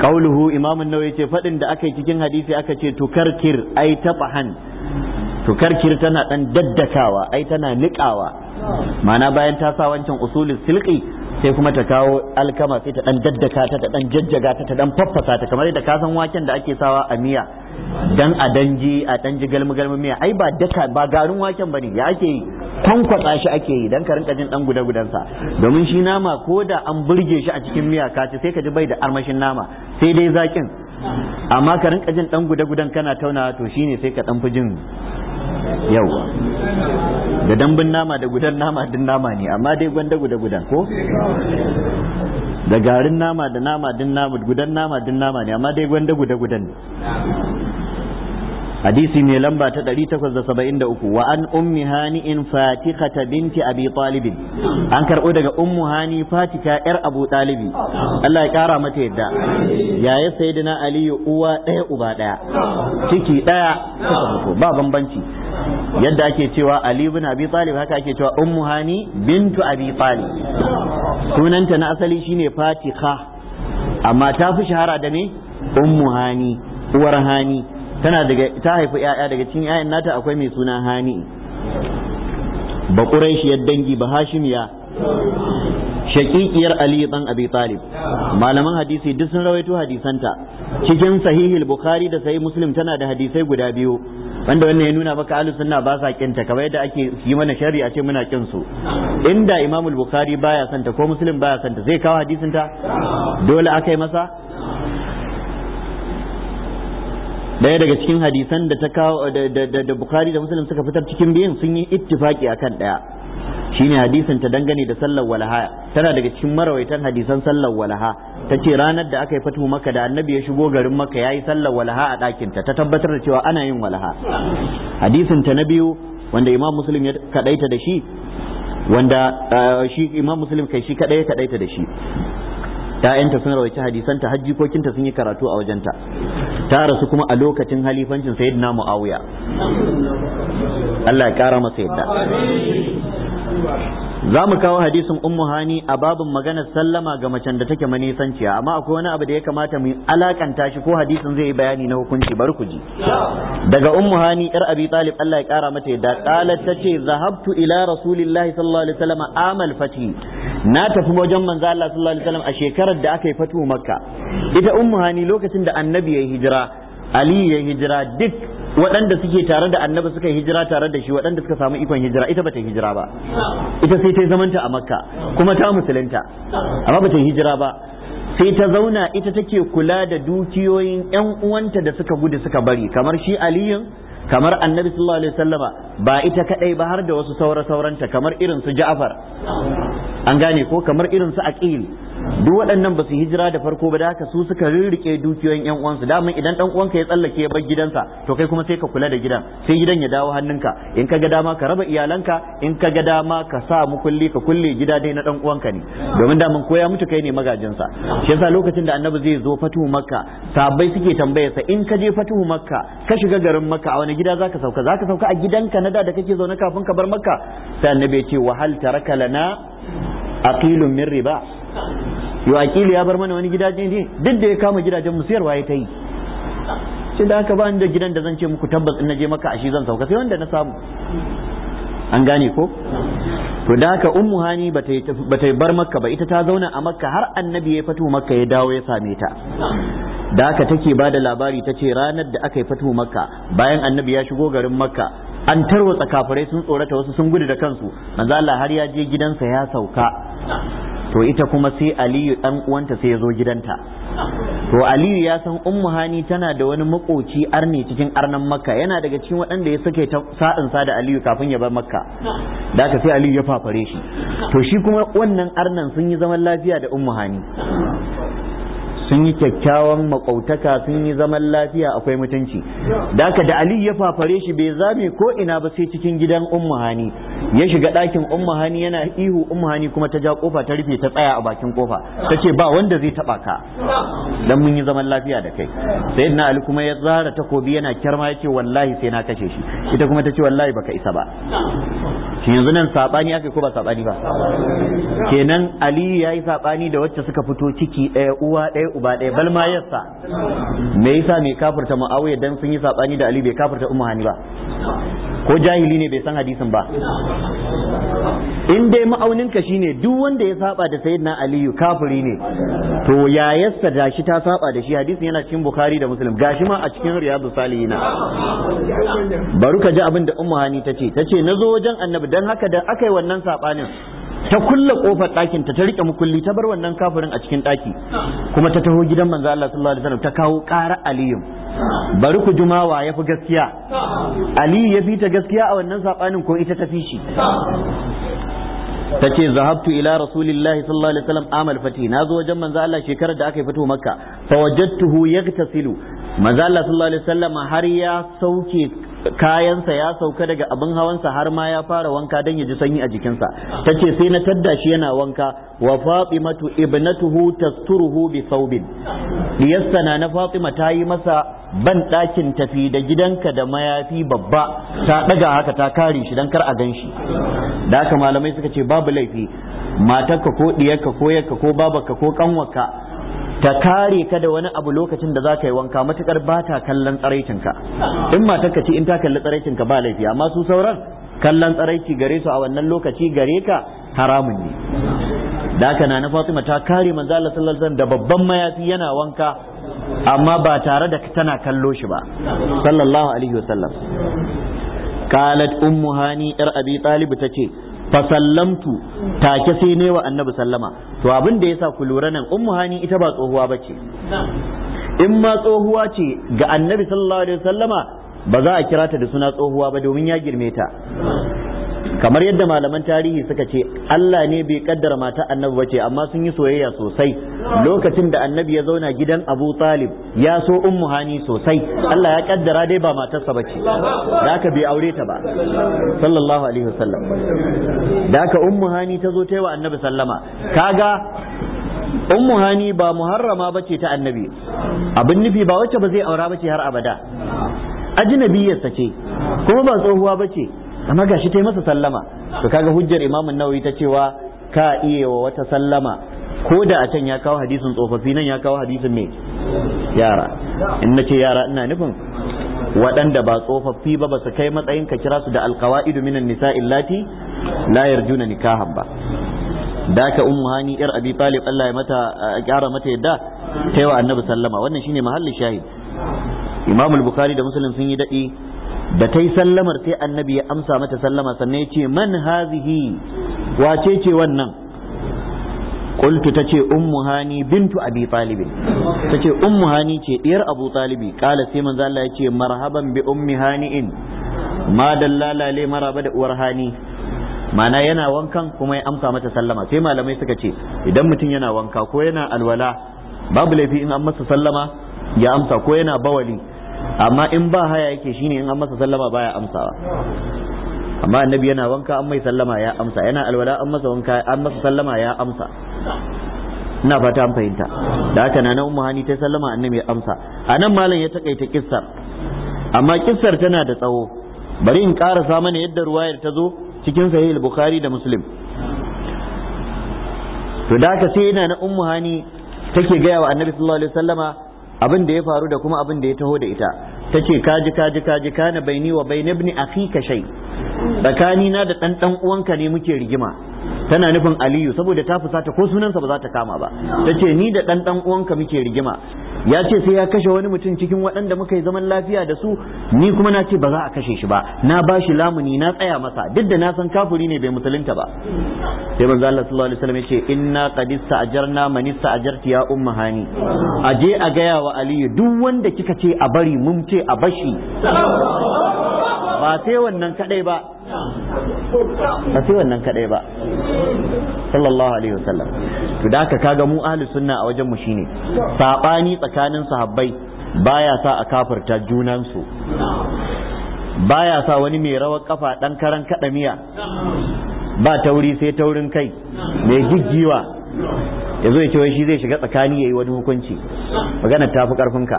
qauluhu imamun nawawi ce fadin da aka yi cikin hadisi aka ce tukarkir ai tafahan tukarkir tana dan daddakawa ai tana niƙawa mana bayan ta sa wancan usulul silqi sai kuma ta kawo alkama sai ta dan daddaka ta ta dan jajjaga ta ta dan faffasa ta kamar yadda kasan waken da ake sawa a miya dan a danji a danji galmi galmi miya ai ba daka ba garin waken bane ya ake yi kwankwatsa shi ake yi dan ka rinka jin dan guda gudan sa domin shi nama ko da an burge shi a cikin miya ka ci sai ka ji bai da armashin nama sai dai zakin amma ka rinka jin dan guda gudan kana tauna to shine sai ka dan fi jin yau da dambun nama da gudan nama din nama ne amma dai gwanda guda gudan ko da garin nama da nama din nama gudan nama din nama ne amma dai gwanda guda gudan hadisi ne lamba ta 873 wa an ummi hani'in ta binti abi talibin an karɓo daga ummu hani fatika yar abu talibi Allah ya kara mata yadda yaya sayyidina aliyu uwa ɗaya uba ɗaya ciki ɗaya ba bambanci yadda ake cewa ali abi talib haka ake cewa ummu hani bintu abi talib sunanta na asali shine fatika amma ta fi shahara da ne ummu hani uwar hani tana daga ta haifi yaya daga cikin ya'yan nata akwai mai suna hani ba quraishiyar dangi ba hashimiya shaƙiƙiyar Ali ɗan Abi Talib malaman hadisi duk sun rawaito hadisanta cikin sahihil Bukhari da sahih Muslim tana da hadisai guda biyu wanda wannan ya nuna maka ahlus sunna ba sa kinta kamar yadda ake yi mana sharri a ce muna kin su inda imamul Bukhari baya santa ko Muslim baya santa zai kawo hadisin ta dole akai masa daya daga cikin hadisan da ta kawo da bukhari da muslim suka fitar cikin biyun sun yi ittifaki akan daya shine hadisin ta dangane da sallar walaha tana daga cikin marawaitan hadisan sallar walaha ta ce ranar da aka yi fatu maka da annabi ya shigo garin maka ya yi sallar walaha a ɗakinta ta tabbatar da cewa ana yin walaha hadisin ta na biyu wanda imam muslim ya kaɗaita da eh, kadai ya da shi ta'yanta sun rawaita hadisan ta hajji kinta sun yi karatu a wajenta ta rasu kuma a lokacin halifancin sayyidina muawiya Allah ya kara masa yadda za mu kawo hadisin ummu hani a babin maganar sallama ga macen da take manisanciya amma akwai wani abu da ya kamata mu alakanta shi ko hadisin zai yi bayani na hukunci bar ku ji daga ummu hani yar abi talib Allah ya kara mata yadda qalat tace zahabtu ila rasulillahi sallallahu alaihi wasallam amal fati na tafi wajen manzo Allah sallallahu alaihi wasallam a shekarar da aka yi fatu makka ita ummu hani lokacin da annabi ya hijira ali ya hijira duk waɗanda suke tare da annabi suka hijira tare da shi waɗanda suka samu ikon hijira ita bata hijira ba ita sai ta zamanta a makka kuma ta musulunta amma bata hijira ba sai ta zauna ita take kula da dukiyoyin yan uwanta da suka gudu suka bari kamar shi aliyun kamar annabi sallallahu alaihi wasallama ba ita kadai ba har da wasu saura sauranta kamar irin su ja'far an gane ko kamar irin su aqil duk waɗannan ba su hijira da farko ba da haka su suka rirrike dukiyoyin yan uwansu daman idan dan uwanka ya tsallake ya bar gidansa to kai kuma sai ka kula da gidan sai gidan ya dawo hannunka in ka ga dama ka raba iyalanka in ka ga dama ka sa mu kulli ka kulle gida dai na dan uwanka ne domin daman ko ya mutu kai ne magajinsa shi yasa lokacin da annabi zai zo fatuhu makka sabai suke tambayarsa in ka je fatuhu makka ka shiga garin makka a wani gida zaka sauka zaka sauka a gidanka na da da kake zaune kafin ka bar makka sai annabi ya ce wa hal taraka lana aqilun min riba yau akili ya bar mana wani gidaje ne duk da ya kama gidajen mu siyarwa ya ta yi shi da haka ba ni da gidan da zan ce muku tabbas in je maka a shi zan sauka sai wanda na samu an gane ko to da haka ummu hani bata bar makka ba ita ta zauna a makka har annabi ya fito makka ya dawo ya same ta da haka take ba da labari ta ce ranar da aka yi fito makka bayan annabi ya shigo garin makka an tarwatsa kafirai sun tsorata wasu sun gudu da kansu manzo Allah har ya je gidansa ya sauka to ita kuma sai aliyu dan uwanta sai ya zo gidanta to aliyu ya san ummu hani tana da wani makoci arne cikin arnan makka yana daga cikin waɗanda ya sake sa'in sa da aliyu kafin ya bar makka da aka sai aliyu ya fafare shi to shi kuma wannan arnan sun yi zaman lafiya da ummu hani sun yi kyakkyawan makautaka sun yi zaman lafiya akwai mutunci daka da ali ya fafare shi bai zame ko ina ba sai cikin gidan ummu ya shiga ɗakin ummu yana ihu ummu kuma ta ja kofa ta rufe ta tsaya a bakin kofa ta ce ba wanda zai taba ka dan mun yi zaman lafiya da kai na ali kuma ya zara takobi yana kyarma ya ce wallahi sai na kashe shi ita kuma ta ce wallahi baka isa ba shi yanzu nan saɓani aka ko ba saɓani ba kenan ali ya yi saɓani da wacce suka fito ciki ɗaya uwa ɗaya uba ɗaya bal ma yassa me yasa mai kafurta muawiya dan sun yi saɓani da ali bai kafurta ummu hani ba ko jahili ne bai san hadisin ba in dai ma'auninka ne duk wanda ya saba da sayyidina aliyu kafiri ne to yayarsa da shi ta saba da shi hadisin yana cikin bukhari da muslim gashi ma a cikin riyadu salihina bari ka ji abin da ce. hani ce na zo wajen annabi annabi dan haka da aka yi wannan sabanin ta kulle kofar ɗakin ta ta rike mukulli ta bar wannan kafirin a cikin ɗaki kuma ta taho gidan manzo Allah sallallahu alaihi wasallam ta kawo ƙara aliyu bari ku jumawa fi gaskiya aliyu ya fi ta gaskiya a wannan sabanin ko ita ta fi shi ta ce zahabtu ila rasulillahi sallallahu alaihi wasallam amal fati na zo wajen manzo Allah shekarar da aka fito makka fa wajadtuhu yagtasilu manzo Allah sallallahu alaihi wasallam har ya sauke kayansa ya sauka daga abin hawansa har ma ya fara wanka dan ya ji sanyi a jikinsa ta ce sai na tadda shi yana wanka wa fatimatu ibnatuhu tasturuhu bi saubin diyasta na na fatima ta yi masa ban ɗakin tafi da gidanka da mayafi babba ta ɗaga haka ta kare shi don kar a gan shi da haka malamai suka ce babu laifi matarka ko ɗiyarka ko yarka ko babarka ko ƙanwarka ta kare ka da wani abu lokacin da za ka yi wanka matukar ba ta kallon tsaraicinka in matarka ce in ta kalli tsaraicinka ba laifi amma su sauran kallon tsaraici gare su a wannan lokaci gare ka haramun ne da haka na Fatima ta kare manzo Allah sallallahu da babban mayafi yana wanka amma ba tare da tana kallo shi ba sallallahu alaihi wasallam qalat ummu hani ir abi talib tace fa sallamtu take sai ne wa annabi sallama to abin da yasa ku lura nan ummu hani ita ba tsohuwa bace in ma tsohuwa ce ga annabi sallallahu alaihi wasallama ba za a kira ta da suna tsohuwa ba domin ya girme ta kamar yadda malaman tarihi suka ce Allah ne bai kaddara mata annabi bace amma sun yi soyayya sosai lokacin da annabi ya zauna gidan Abu Talib ya so ummu hani sosai Allah ya kaddara dai ba matarsa bace da aka bai aure ta ba sallallahu alaihi wasallam da aka ummu hani ta zo ta yi wa annabi sallama kaga ummu hani ba muharrama bace ta annabi abin nufi ba wacce ba zai aura bace har abada ta ce kuma ba tsohuwa bace amma ga shi ta yi masa sallama to kaga hujjar imamun nawawi ta cewa ka iya wa wata sallama ko da a can ya kawo hadisin tsofaffi nan ya kawo hadisin me yara in na ce yara ina nufin waɗanda ba tsofaffi ba ba su kai matsayin ka kira su da alkawaidu minan nisa illati la yarjuna nikahan ba da ka ummu hani yar abi talib Allah ya mata kyara mata yadda ta yi wa annabi sallama wannan shine mahallin shahid imamul bukhari da muslim sun yi dadi da ta yi sallamar sai annabi ya amsa mata sallama sannan ya ce man hazihi wace ce wannan qultu ta ce ummu hani bintu abi talib ta ce ummu hani ce diyar abu talibi kala sai manzo Allah ya ce marhaban bi ummi hani'in ma dallala le maraba da uwar hani mana yana wankan kuma ya amsa mata sallama sai malamai suka ce idan mutum yana wanka ko yana alwala babu laifi in an masa sallama ya amsa ko yana bawali amma in ba haya yake shine in an masa sallama baya amsawa amma annabi yana wanka an mai sallama ya amsa yana alwala an masa wanka an masa sallama ya amsa ina fata an fahimta da haka na ummu hani ta sallama annabi ya amsa anan malam ya takaita kissar amma kissar tana da tsawo bari in karasa mana yadda ruwayar ta zo cikin sahih bukhari da muslim to da haka sai yana na ummu hani take gaya wa annabi sallallahu alaihi wasallama abin da ya faru da kuma abin da ya taho da ita ta ce kaji kaji kaji kana baini wa bain ibn ka shay tsakani na da ɗanɗan dan uwanka ne muke rigima tana nufin aliyu saboda ta fusata ko sunansa ba za ta kama ba ta ce ni da dan dan uwanka muke rigima ya ce sai ya kashe wani mutum cikin waɗanda muka yi zaman lafiya da su ni kuma na ce ba za a kashe shi ba na ba shi lamuni na tsaya masa duk da na san kafuri ne bai musulunta ba sai manzo Allah sallallahu alaihi wasallam yace inna qad ista'jarna man ista'jarti ya umma hani aje a gaya wa aliyu duk wanda kika ce a bari mun ce a bashi ba sai wannan kadai ba ba sai wannan kadai ba sallallahu alaihi wasallam to da ka kaga mu ahli sunna a wajen mu shine sabani tsakanin sahabbai baya sa a kafirta junansu baya sa wani mai rawar kafa dan karan kadamiya ba tauri sai taurin kai mai giggiwa ya zo ya ce shi zai shiga tsakani ya yi wani hukunci maganar tafi karfinka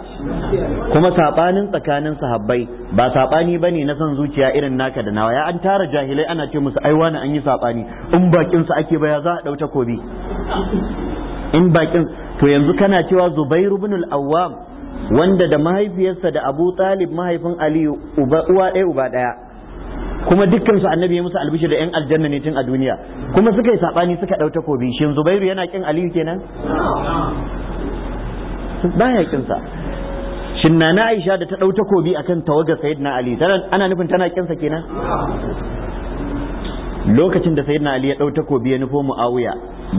kuma saɓanin tsakanin sahabbai ba saɓani ba ne na son zuciya irin naka da nawa ya an tara jahilai ana ce musu ai wani an yi saɓani in bakinsa ake baya za a ɗauta kobi in bakin to yanzu kana cewa zubairu bin al-awwam wanda da mahaifiyarsa da abu talib mahaifin aliyu uwa ɗaya uba ɗaya kuma dukkan su annabi ya musu albishir da yan aljanna ne tun a duniya kuma suka yi sabani suka dau takobi shin zubairu yana kin aliyu kenan baya kin sa shin nana aisha da ta dau takobi akan tawaga sayyidina ali ana nufin tana kin sa kenan lokacin da sayyidina ali ya dau takobi ya nufo muawiya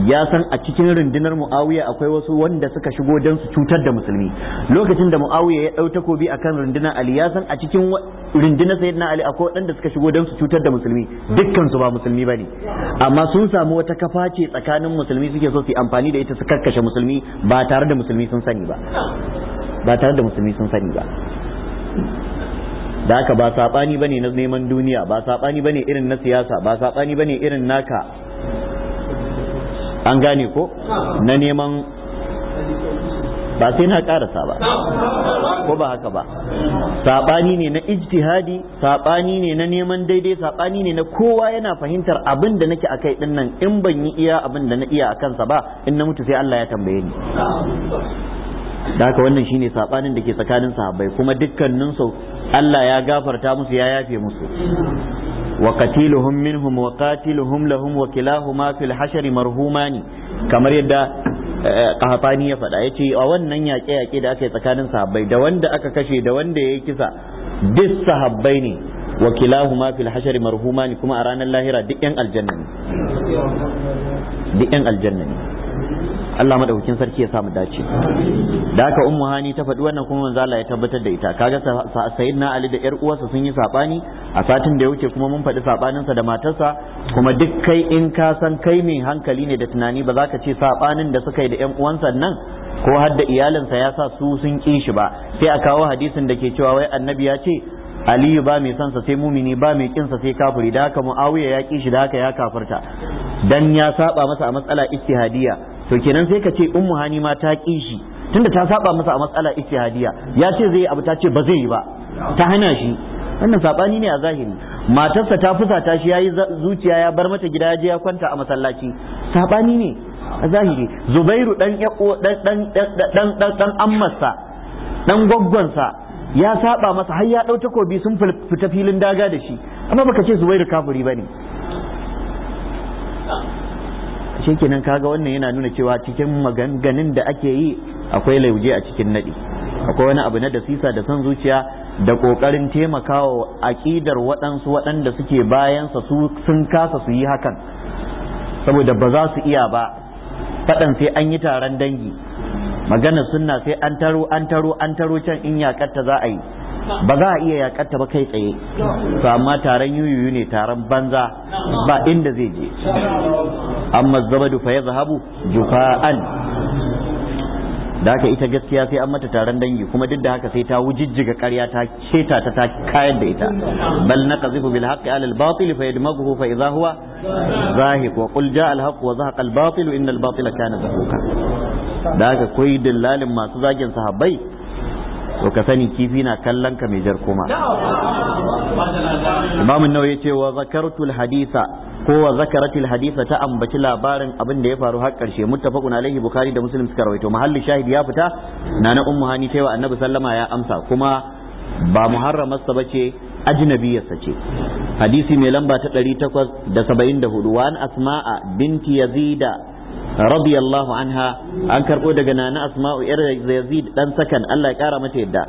ya san a cikin rundunar muawiya akwai wasu wanda suka shigo don su cutar da musulmi lokacin da muawiya ya ɗau takobi kan rundunar ali ya san a cikin rundunar sayyidina ali akwai waɗanda suka shigo don su cutar da musulmi dukkan su ba musulmi ba ne. amma sun samu wata kafa ce tsakanin musulmi suke so su yi amfani da ita su karkashe musulmi ba tare da musulmi sun sani ba ba tare da musulmi sun sani ba da haka ba saɓani bane na neman duniya ba saɓani bane irin na siyasa ba saɓani bane irin naka an gane ko na neman ba sai na karasa ba ko ba haka ba saɓani ne na ijtihadi saɓani ne na neman daidai saɓani ne na kowa yana fahimtar abin da nake akai din nan in ban yi iya abin da na iya a kansa ba in na mutu sai Allah ya tambaye ni da haka wannan shine saɓanin da ke tsakanin sahabbai kuma dukkaninsu Allah ya gafarta musu ya yafe musu وقتيلهم منهم وقاتلهم لهم وكلاهما في الحشر مرهومان كما يدى قهطاني يفدا يتي أولا يكي يكي دا أكي تكان صحابي دا وندا أكا كشي دا وندا يكسا دس صحابيني وكلاهما في الحشر مرهومان كما أرانا الله را دئين الجنة دئين الجنة Allah madaukakin sarki ya sa mu dace da haka ummu hani ta faɗi wannan kuma manzo Allah ya tabbatar da ita kaga sayyidina Ali da yar uwarsa sun yi sabani a satin da ya wuce kuma mun faɗi sabanin sa da matarsa kuma duk kai in ka san kai mai hankali ne da tunani ba za ka ce sabanin da suka yi da yan uwansa nan ko har da iyalinsa ya sa su sun ƙi shi ba sai a kawo hadisin da ke cewa wai annabi ya ce aliyu ba mai sansa sai mumini ba mai kinsa sai kafiri da haka muawiya ya ƙi shi da haka ya kafarta dan ya saba masa a matsala ittihadiyya to kenan sai ka ce ummu hani ma ta ki shi tunda ta saba masa a matsala ijtihadiya ya ce zai abu ta ce ba zai yi ba ta hana shi wannan sabani ne a zahiri matarsa ta fusata shi yayi zuciya ya bar mata gida ya ya kwanta a masallaci sabani ne a zahiri zubairu dan dan dan dan dan ammarsa dan gwaggonsa ya saba masa har ya dau takobi sun fita filin daga da shi amma baka ce zubairu kafiri bane kenan kaga wannan yana nuna cewa cikin maganganun da ake yi akwai lauje a cikin nadi akwai wani abu na dasisa da son zuciya da kokarin taimakawa aƙidar waɗansu waɗanda suke bayansa su sun kasa su yi hakan saboda ba za su iya ba faɗan sai an yi taron dangi maganar sunna sai an taro an taro an taro can in yaƙarta za a yi ba za a iya yaƙarta ba kai tsaye to amma taron yuyuyu ne taron banza ba inda zai je amma zabadu fa yadhhabu jufa'an da haka ita gaskiya sai an mata taron dangi kuma duk da haka sai ta wujijjiga karya ta keta ta ta kayar da ita bal naqzifu bil haqqi ala al batil fa yadmaghu fa idha huwa zahiq wa qul jaa al haqq wa zahaqa al batil inna al batila kana zahuqa da haka koi dillalin masu zagin sahabbai to ka sani kifi na kallon ka mai jar kuma imamu nawawi yace wa zakartu al haditha kowa zakaratil hadisa ta ambaci labarin abin da ya faru har karshe muttafaqun alaihi bukhari da muslim suka rawaito mahalli shahid ya fita nana ummu hani ta wa annabi sallama ya amsa kuma ba muharramarsa bace ajnabiyarsa ce hadisi mai lamba ta 874 wa an asma'a binti yazida radiyallahu anha an karbo daga nana asma'u yar yazid dan sakan Allah ya kara mata yadda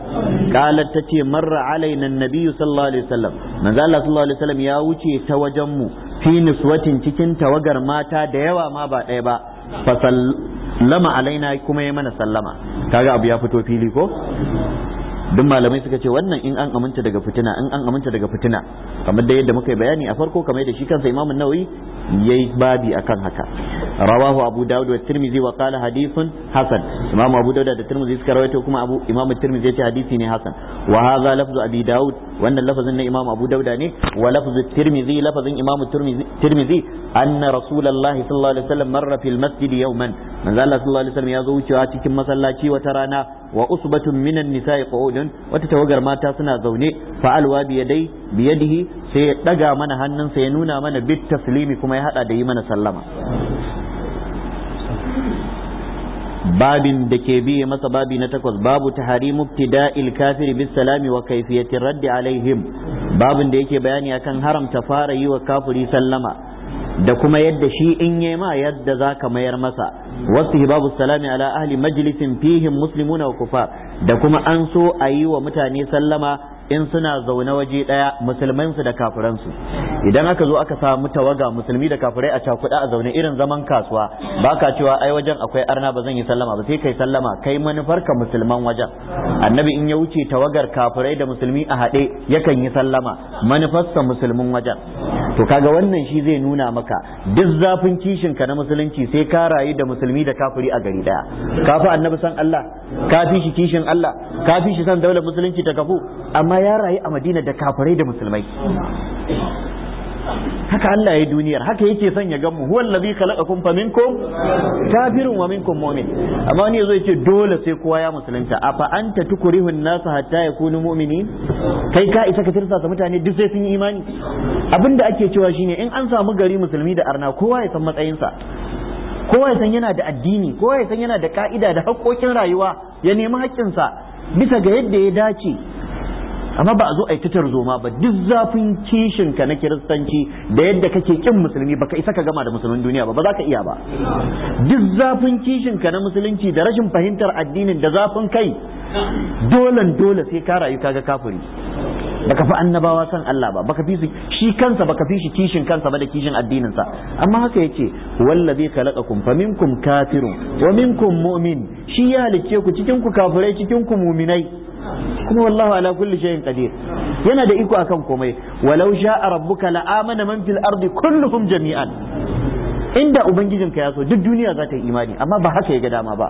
qalat tace marra alaina annabi sallallahu alaihi wasallam manzo Allah sallallahu alaihi wasallam ya wuce ta wajen mu fi niswatin cikin tawagar mata da yawa ma ba ɗaya ba fa sallama alaina kuma ya mana sallama kaga abu ya fito fili ko duk malamai suka ce wannan in an aminta daga fitina in an aminta daga fitina kamar da yadda muka yi bayani a farko kamar da shi kansa imamun nawawi yayi babi akan haka rawahu abu dawud wa tirmizi wa qala hadithun hasan imamu abu dawud da tirmizi suka rawaito kuma abu imamu tirmizi ya ce hadisi ne hasan wa hadha lafzu abi dawud wannan lafazin na imamu abu dawud ne wa lafzu tirmizi lafazin imamu tirmizi anna rasulullahi sallallahu alaihi wasallam marra fil masjid yawman manzo Allah sallallahu alaihi wasallam ya zo wucewa cikin masallaci wata rana wa usbatun minan nisa'i qu'udun wata tawagar mata suna zaune fa alwa yadai sai ya daga mana hannunsa ya nuna mana bit taslimi kuma ya hada da yi mana sallama babin da ke biye masa babi na takwas babu tahari mubtida'il kafiri bis salami wa Kaifiyatin raddi alaihim babin da yake bayani akan haramta fara yi wa kafiri sallama da kuma yadda shi in yi ma yadda za ka mayar masa wasu babu salami ala ahli majlisin fihim muslimuna wa kufa da kuma an so a yi wa mutane sallama in suna zaune waje daya musulmansu da kafiransu idan aka zo aka samu tawaga musulmi da kafirai a cakuɗa a zaune irin zaman kasuwa baka cewa ai wajen akwai arna bazan yi sallama ba sai kai sallama kai manufar ka musulman wajen annabi in ya wuce tawagar kafirai da musulmi a haɗe yakan yi sallama manufarsa musulmin wajen to kaga wannan shi zai nuna maka duk zafin kishin ka na musulunci sai ka rayu da musulmi da kafiri a gari daya ka annabi san Allah ka fi shi kishin Allah ka fi shi san daular musulunci ta kafu amma ya rayu a Madina da kafirai da musulmai haka Allah ya yi duniyar haka yake son ya gan mu huwa allazi khalaqakum faminkum kafirun wa minkum mu'min amma ne yazo ce dole sai kowa ya musulunta a fa anta tukurihun nas hatta yakunu mu'minin kai ka isa ka tirsa mutane duk sai sun yi imani abinda ake cewa shine in an samu gari musulmi da arna kowa ya san matsayinsa kowa ya san yana da addini kowa ya san yana da ka'ida da haƙƙoƙin rayuwa ya nemi haƙƙinsa bisa ga yadda ya dace amma ba a zo a yi ta zoma ba duk zafin kishin ka na kiristanci da yadda kake kin musulmi baka isa ka gama da musulmin duniya ba ba za ka iya ba duk zafin kishin ka na musulunci da rashin fahimtar addinin da zafin kai dolan dole sai ka rayu kaga kafiri baka fi annabawa san Allah ba baka fi shi kansa baka fi shi kishin kansa ba da kishin addinin sa amma haka yace wallazi khalaqakum faminkum kafirun wa minkum mu'min shi ya halicce ku cikin ku kafirai cikin ku mu'minai kuma wallahu ala kulli shay'in qadir yana da iko akan komai walau sha'a rabbuka la amana man fil ardi kulluhum jami'an inda ubangijinka ya so duk duniya za ta yi imani amma ba haka ya ga dama ba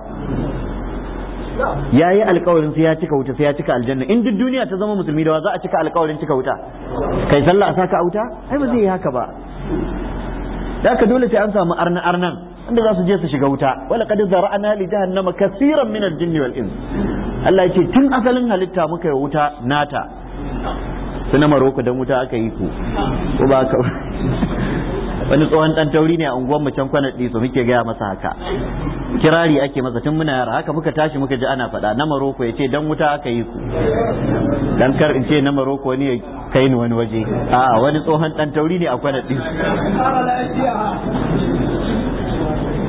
ya yi alkawarin sai ya cika wuta sai ya cika aljanna in duk duniya ta zama musulmi da za a cika alkawarin cika wuta kai sallah a saka a wuta ai ba zai yi haka ba da ka dole sai an samu arna arnan inda za su je su shiga wuta wala kad zara'na li jahannama kaseeran min al-jinn wal ins Allah yake ce tun asalin halitta muka yi wuta nata na maroko dan wuta aka yi ku ko ba ka wani tsohon dan tauri ne a unguwar mu can kwana ɗi su muke gaya masa haka kirari ake masa tun muna yara haka muka tashi muka ji ana faɗa na maroko ya ce dan wuta aka yi ku dan kar in ce na maroko ne kai ni wani waje a wani tsohon dan tauri ne a kwana ɗi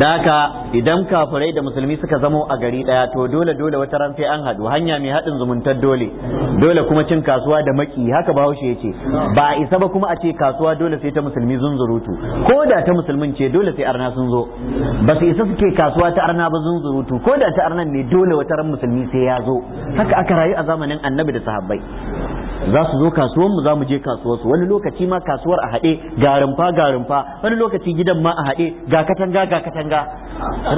daka idan kafirai da musulmi suka zama a gari daya to dole dole wata ran sai an hadu hanya mai hadin zumuntar dole dole kuma cin kasuwa da maki haka bahaushe yace ba a isa ba kuma a ce kasuwa dole sai ta musulmi zunzurutu ko da ta musulmin ce dole sai arna sun zo ba su isa suke kasuwa ta arna ba zunzurutu ko da ta arna ne dole wata ran musulmi sai ya zo haka aka rayu a zamanin annabi da sahabbai za su zo kasuwar mu za mu je kasuwar su wani lokaci ma kasuwar a haɗe ga rumfa wani lokaci gidan ma a haɗe ga katanga ga katanga ga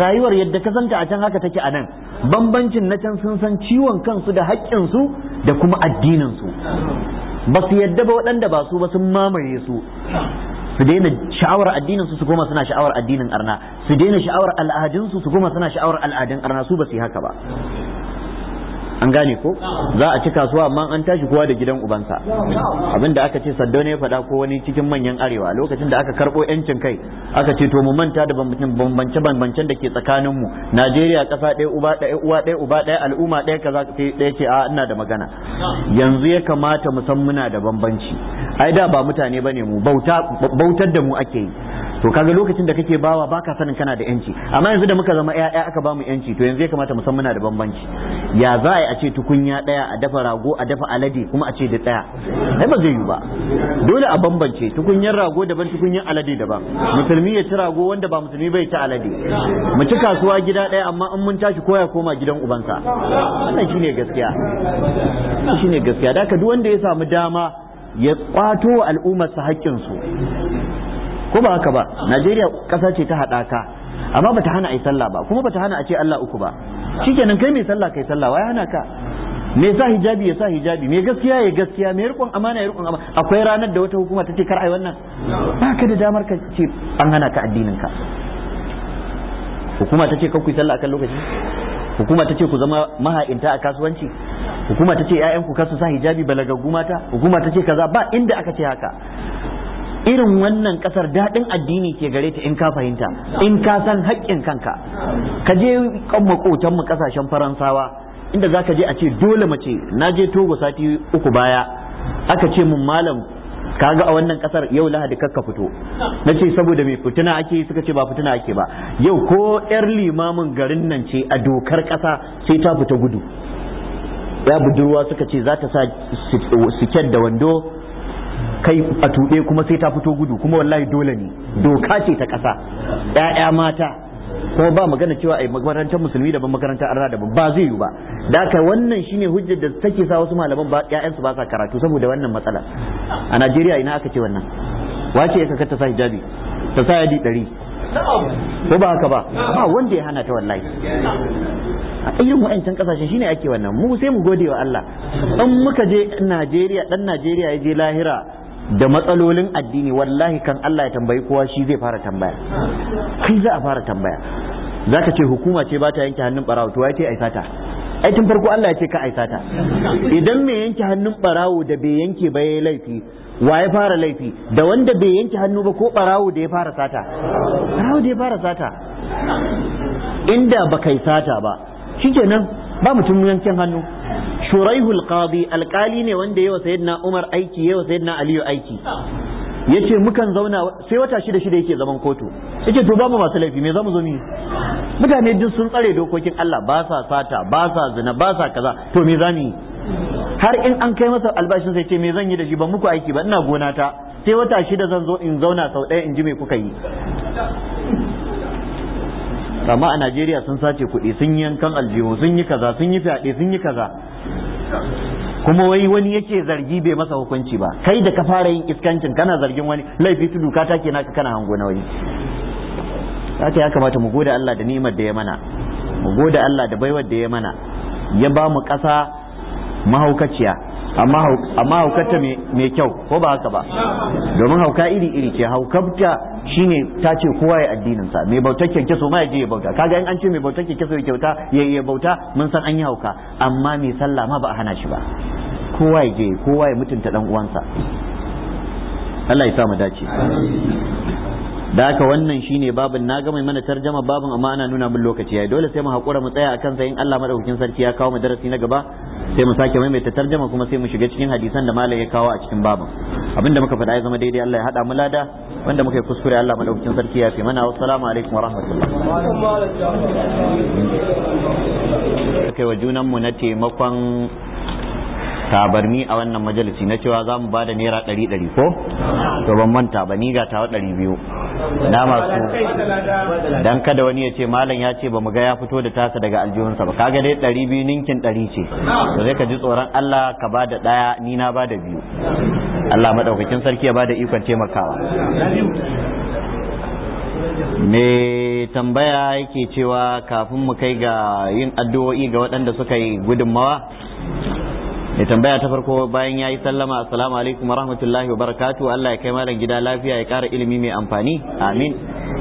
rayuwar yadda ka santa a can haka take a nan bambancin na can sun san ciwon kansu da haƙƙinsu da kuma addininsu ba su yadda ba waɗanda ba su ba sun mamaye su su daina sha'awar addinin su goma suna sha'awar addinin arna su daina sha'awar al'adun su goma suna sha'awar al'adun arna su ba su yi haka ba an gane ko za a ci kasuwa amma an tashi kowa da gidan ubansa abinda aka ce saddo ne ya faɗa ko wani cikin manyan arewa lokacin da aka karɓo yancin kai aka ce to mu manta da bambance bambancen da ke tsakanin mu Najeriya ƙasa ɗaya uba ɗaya uwa ɗaya uba ɗaya al'umma ɗaya kaza ɗaya ce a ina da magana yanzu ya kamata mu san muna da bambanci ai da ba mutane bane mu bautar da mu ake yi to kaga lokacin da kake bawa baka sanin kana da yanci amma yanzu da muka zama ƴaƴa aka bamu yanci to yanzu ya kamata mu san muna da bambanci ya za a ce tukunya daya a dafa rago a dafa alade kuma a ce da ɗaya ai ba zai yi ba dole a bambance tukunyar rago daban tukunyar alade daban musulmi ya ci rago wanda ba musulmi bai ci alade mu ci kasuwa gida ɗaya amma in mun tashi koya koma gidan ubansa wannan shine gaskiya shine gaskiya da duk wanda ya samu dama ya kwato al'ummar sa hakkin su ko ba haka ba Najeriya ƙasa ce ta haɗaka amma bata hana ai sallah ba kuma bata hana a ce Allah uku ba shikenan kai mai sallah kai sallah wai hana ka me sa hijabi ya sa hijabi me gaskiya ya gaskiya me rikon amana ya rikon amana akwai ranar da wata hukuma ta ce kar ai wannan ba ka da damar ka ce an hana ka addinin ka hukuma ta ce ku yi sallah akan lokaci hukuma ta ce ku zama maha'inta a kasuwanci hukuma ta ce 'ya'yanku kasu sa hijabi balagaggu mata hukuma ta ce kaza ba inda aka ce haka irin wannan kasar daɗin addini ke gare ta in ka fahimta in ka san haƙƙin kanka ka je kan makotan mu kasashen faransawa inda za ka je a ce dole mace na je togo sati uku baya aka ce mun malam Ka ga a wannan kasar yau lahadi kakka fito na ce saboda mai fituna ake suka ce ba fituna ake ba yau ko yar limamin garin nan ce a dokar ƙasa sai ta fita gudu ya budurwa suka ce za ta sa siket da wando kai a tuɗe kuma sai ta fito gudu kuma wallahi dole ne doka ce ta ƙasa ƴaƴa mata kuma ba magana cewa ai makarantar musulmi daban makarantar arna daban ba zai yi ba da yi wannan shine hujjar da take sa wasu malaman ba ƴaƴansu ba sa karatu saboda wannan matsala a Najeriya ina aka ce wannan wace ya kakar ta sa hijabi ta sa yadi ɗari ko ba haka ba ba wanda ya hana ta wallahi a irin wa'ancan kasashe shine ake wannan mu sai mu gode wa Allah dan muka je Najeriya dan Najeriya ya je lahira da matsalolin addini wallahi kan Allah ya tambayi kowa shi zai fara tambaya kai za a fara tambaya zaka ce hukuma ce ba ta yanke hannun barawo to ai ai sata ai tun farko Allah ya ce ka aisa ta idan mai yanke hannun barawo da bai yanke ba yayi laifi wa ya fara laifi da wanda bai yanke hannu ba ko barawo da ya fara sata barawo da ya fara sata inda ba kai sata ba shikenan ba mutum yankin hannu shuraihul qadi alkali ne wanda yawa sayyidina Umar aiki yawa sayyidina Aliyu aiki yace mukan zauna sai wata shida shida yake zaman kotu yace to ba mu masu laifi me zamu zo ni mutane duk sun tsare dokokin Allah ba sa sata ba sa zina ba sa kaza to me zamu har in an kai masa albashin sai ce me zan yi da shi ban muku aiki ba ina gona ta sai wata shida zan zo in zauna sau ɗaya in ji me kuka yi amma a Najeriya sun sace kuɗi sun yankan aljihu sun yi kaza sun yi fyaɗe sun yi kaza kuma wai wani yake zargi bai masa hukunci ba kai da ka fara yin iskancin kana zargin wani laifi tudu ka take naka kana hango na wani haka ya kamata mu gode Allah da ni'imar da ya mana mu gode Allah da baiwar da ya mana ya ba mu ƙasa mahaukaciya amma haukata mai kyau ko ba haka ba domin hauka iri iri ce haukabta shine ta ce kowa ya addininsa mai bautar kyankyaso ma ya je ya bauta kaga in an ce mai bautar kyankyaso ya kyauta ya yi bauta mun san an yi hauka amma mai sallah ma ba a hana shi ba kowa ya je kowa ya mutunta dan uwansa Allah ya sa mu dace da haka wannan shine babin na gama mana tarjama babin amma ana nuna min lokaci yayi dole sai mu hakura mu tsaya akan sa in Allah madaukakin sarki ya kawo mu darasi na gaba sai mu sake maimaita tarjama kuma sai mu shiga cikin hadisan da malam ya kawo a cikin babin abinda muka faɗa ya zama daidai Allah ya hada mu lada wanda muka yi kuskure Allah madaukakin sarki ya fi mana assalamu alaikum wa rahmatullah kai wa junan mu na taimakon tabarmi a wannan majalisi na cewa za mu ba da naira ɗari ɗari ko to ban manta ba ni ga tawa ɗari biyu na masu dan kada wani ya ce malam ya ce ba mu ga ya fito da tasa daga aljihunsa ba kaga dai ɗari biyu ninkin ɗari ce to zai ka ji tsoron Allah ka ba da ɗaya ni na ba da biyu Allah maɗaukakin sarki ya ba da ikon taimakawa me tambaya yake cewa kafin mu kai ga yin addu'o'i ga waɗanda suka yi gudunmawa mai tambaya ta farko bayan ya yi sallama assalamu alaikum wa rahmatullahi wa barakatu Allah ya kai malam gida lafiya ya kara ilimi mai amfani amin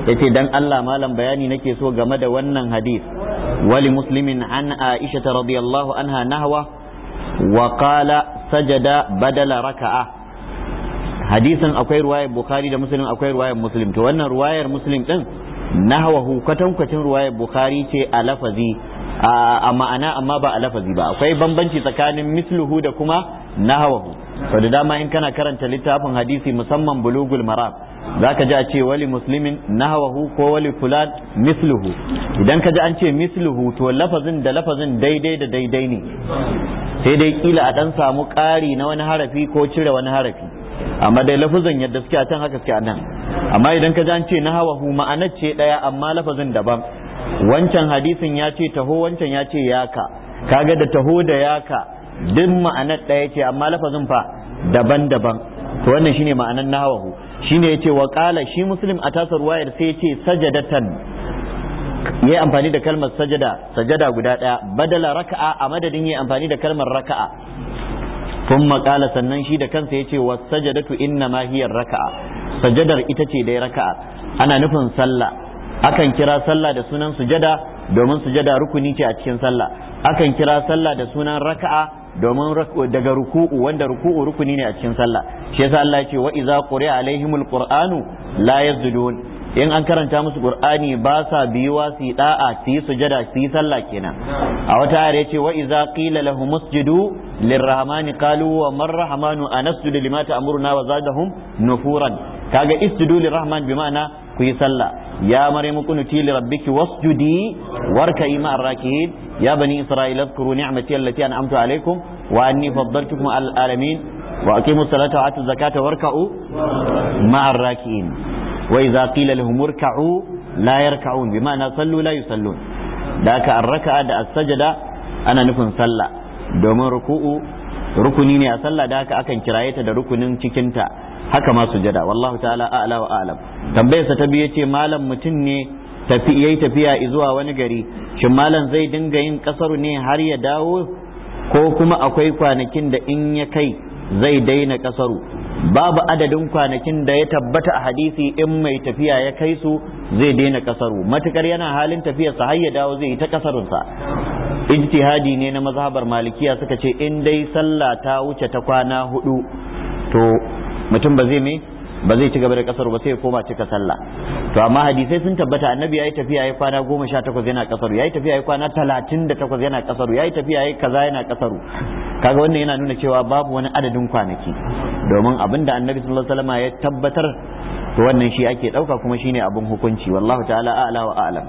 ya ce dan Allah malam bayani nake so game da wannan hadis wali muslimin an aisha ta radiyallahu anha nahwa wa qala sajada badala raka'a hadisin akwai ruwayar bukhari da muslim akwai ruwayar muslim to wannan ruwayar muslim din hukatan kwatankwacin ruwayar bukhari ce a lafazi a ma'ana amma ba a lafazi ba akwai bambanci tsakanin misluhu da kuma nahawahu to da dama in kana karanta littafin hadisi musamman bulugul maram zaka ji a ce wali muslimin nahawahu ko wali fulan misluhu idan ka ji an ce misluhu to lafazin da lafazin daidai da daidai ne sai dai kila a dan samu ƙari na wani harafi ko cire wani harafi amma dai lafazin yadda suke a can haka suke a nan amma idan ka ji an ce nahawahu ma'anar ce daya amma lafazin daban wancan hadisin ya ce taho wancan ya ce yaka kaga da taho da yaka duk ma'anar ɗaya ce amma lafazin fa daban-daban to wannan shine ma'anar nahawahu shine ya ce waƙala shi muslim a tasar wayar sai ce sajadatan yayi amfani da kalmar sajada sajada guda ɗaya. badala raka'a a madadin yayi amfani da kalmar raka'a Kun maƙala sannan shi da kansa ce was sajadatu inna mahiyar raka'a sajadar ita ce dai raka'a ana nufin sallah akan kira sallah da sunan sujada domin sujada rukuni ce a cikin sallah akan kira sallah da sunan raka'a domin daga ruku'u wanda ruku'u rukuni ne a cikin sallah shi yasa Allah ce wa iza quri'a alaihimul qur'anu la yazdudun in an karanta musu qur'ani ba sa biyuwa su da'a su sujada su yi sallah kenan a wata ayar yace wa iza qila lahum musjudu lirrahmani qalu wa marrahmanu anasjudu lima ta'muruna wa zadahum nufuran kaga isjudu lirrahman bi ma'ana ku yi sallah يا مريم اقنتي لربك واسجدي واركعي مع الراكعين يا بني إسرائيل اذكروا نعمتي التي أنعمت عليكم وأني فضلتكم على العالمين وأقيموا الصلاة وآتوا الزكاة واركعوا مع الراكعين وإذا قيل لهم اركعوا لا يركعون بمعنى صلوا لا يصلون ذاك الركعة السجدة أنا نكون صلى domin ruku'u rukuni ne a sallah da haka akan kiraye ta da rukunin cikinta haka ma sujada wallahu ta'ala a'la wa a'lam tambayar sa ta biye yace malam mutum ne tafi yayi tafiya zuwa wani gari shin malam zai dinga yin kasaru ne har ya dawo ko kuma akwai kwanakin da in ya kai zai daina kasaru babu adadin kwanakin da ya tabbata a hadisi in mai tafiya ya kai su zai daina kasaru matukar yana halin tafiyarsa har ya dawo zai yi ta kasarunsa ijtihadi ne na mazhabar malikiya suka ce in dai sallah ta wuce ta kwana hudu to mutum ba zai me ba zai ci gaba da kasar ba sai ya koma cika sallah to amma hadisai sun tabbata annabi yayi tafiya yayi kwana goma sha takwas yana kasaru yayi tafiya yayi kwana talatin da takwas yana kasaru yayi tafiya yayi kaza yana kasaru kaga wannan yana nuna cewa babu wani adadin kwanaki domin abinda annabi sallallahu alaihi wasallam ya tabbatar to wannan shi ake dauka kuma shine abin hukunci wallahu ta'ala a'la wa a'lam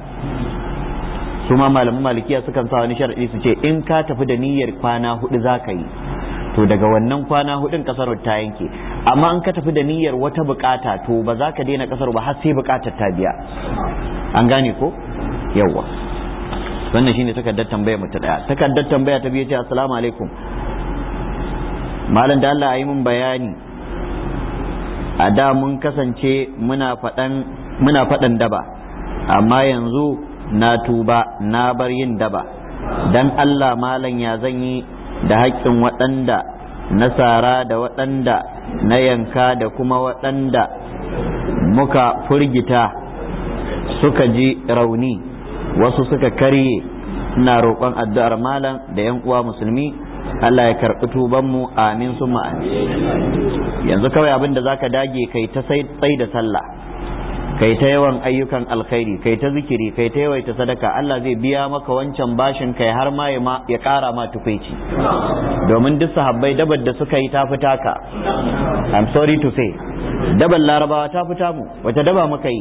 su ma malaman malikiya sukan sa wani sharadi su ce in ka tafi da niyyar kwana hudu za ka yi to daga wannan kwana hudun kasar ta yanke amma in ka tafi da niyyar wata bukata to ba za ka daina kasar ba har sai bukatar ta biya an gane ko yawwa wannan shine takardar tambaya mu ta daya takardar tambaya ta biyu ce assalamu alaikum malam da Allah ayi yi min bayani a da mun kasance muna faɗan muna faɗan daba amma yanzu na tuba na bar yin daba dan Allah malam ya zan yi da haƙƙin waɗanda nasara da waɗanda na yanka da kuma waɗanda muka furgita suka ji rauni wasu suka karye na roƙon addu'ar malam da 'yan uwa musulmi Allah ya karɓi tubanmu amin sun amin yanzu kawai abin da za ka dage kai ta sai da sallah kai ta yawan ayyukan alkhairi kai ta zikiri kai ta yawaita sadaka Allah zai biya maka wancan bashin kai har ma ya kara ma tukaici domin duk sahabbai dabar da suka yi ta fita ka I'm sorry to say dabar larabawa ta fita mu wata daba muka yi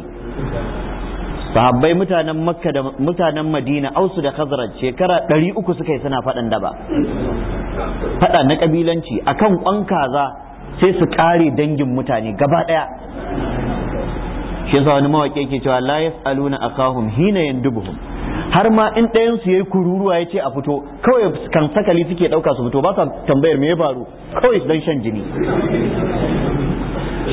sahabbai mutanen makka da mutanen madina ausu da khazraj shekara ɗari uku suka yi suna faɗan daba faɗa na kabilanci akan kwan kaza sai su ƙare dangin mutane gaba ɗaya shi yasa wani mawaƙi yake cewa la yas'aluna akahum hina yandubuhum har ma in ɗayan su yayi kururuwa yace a fito kawai kan sakali suke dauka su fito ba sa tambayar me ya faru kawai dan shan jini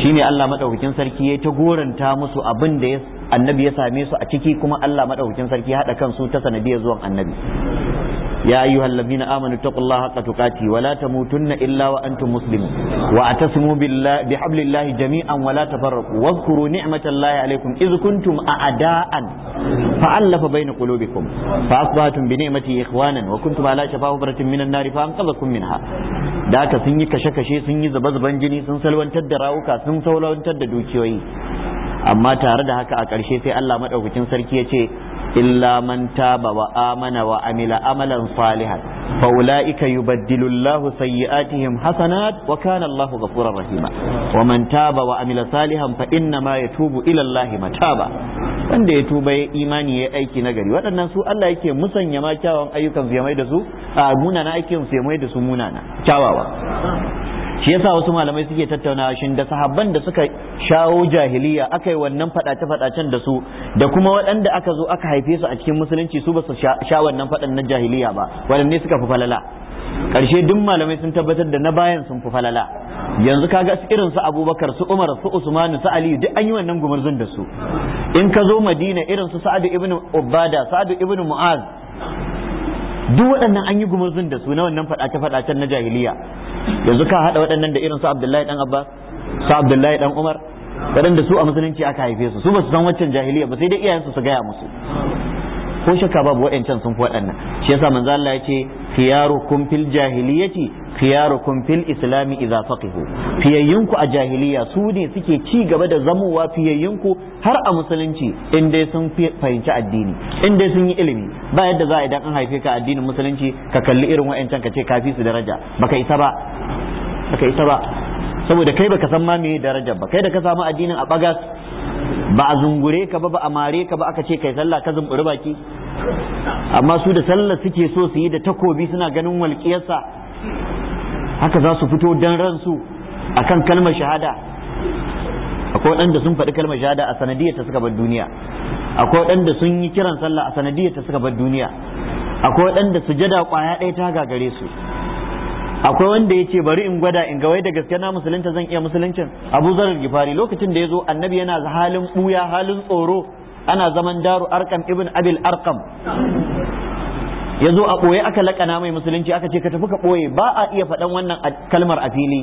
shine Allah madaukakin sarki ya ta goranta musu abin da annabi ya same su a ciki kuma Allah madaukakin sarki ya haɗa kansu ta sanadiyar zuwan annabi يا أيها الذين آمنوا اتقوا الله حق تقاته ولا تموتن إلا وأنتم مسلمون واعتصموا بالله بحبل الله جميعا ولا تفرقوا واذكروا نعمة الله عليكم إذ كنتم أعداء فألف بين قلوبكم فأصبحتم بنعمته إخوانا وكنتم على شفا حفرة من النار فأنقذكم منها da haka sun yi kashe-kashe sun yi zaba-zaban jini sun salwantar da rawuka sun salwantar da dukiyoyi amma tare da haka a ƙarshe sai Allah maɗaukacin sarki ya ce illa man taba wa amana wa amila amalan salihan fa ulaika yubaddilu Allah sayyi'atihim hasanat wa kana Allah ghafurur rahima wa man taba wa amila salihan fa inna ya tubu ilallahi Allah mataba wanda ya tuba ya imani ya aiki na gari waɗannan su Allah yake musanya ma kyawawan ayyukan su ya mai su a munana aikin su ya mai da su munana kyawawa shi yasa wasu malamai suke tattaunawa shin da sahabban da suka shawo jahiliya aka yi wannan fadace fadacen da su da kuma waɗanda aka zo aka haife su a cikin musulunci su ba su sha wannan fadan na jahiliya ba waɗanne suka fi falala karshe duk malamai sun tabbatar da na bayan sun fi falala yanzu kaga irin su abubakar su umar su usman su ali duk an yi wannan gumurzun da su in ka zo madina irin su sa'adu ibn ubada sa'adu ibn mu'az duk waɗannan an yi gumurzun da su na wannan faɗace-faɗacen na jahiliya yanzu ka hada waɗannan da irin su Abdullahi dan Abbas su Abdullahi dan Umar waɗanda su a musulunci aka haife su su ba san waccan jahiliya ba sai dai iyayensu su gaya musu ko shakka babu waɗancan sun fi waɗannan shi yasa manzo Allah ya ce khiyarukum fil jahiliyyati khiyarukum fil islami idza faqihu fiyayyunku a jahiliya su ne suke ci gaba da zamowa fiyayyunku har a musulunci in sun fahimci addini in sun yi ilimi ba yadda za a idan an haife ka addinin musulunci ka kalli irin wa'ancan ka ce kafi su daraja baka isa ba baka isa ba saboda kai baka san ma me daraja ba kai da ka samu addinin a bagas ba a zungure ka ba ba a mare ka ba aka ce kai sallah ka zumburi baki amma su da sallar suke so su yi da takobi suna ganin walƙiyarsa haka za su fito don ransu akan kalmar shahada akwai waɗanda sun faɗi kalmar shahada a sanadiyar ta suka bar duniya akwai waɗanda sun yi kiran sallah a sanadiyar ta suka bar duniya akwai waɗanda sujada ƙwaya ɗaya ta gagare su akwai wanda ya ce bari in gwada in ga wai da gaske na musulunta zan iya musuluncin abu zarar gifari lokacin da ya zo annabi yana halin ɓuya halin tsoro ana zaman daru arkam ibn abil arkam ya zo a ɓoye aka laƙana mai musulunci aka ce ka tafi ka ɓoye ba a iya faɗan wannan kalmar a fili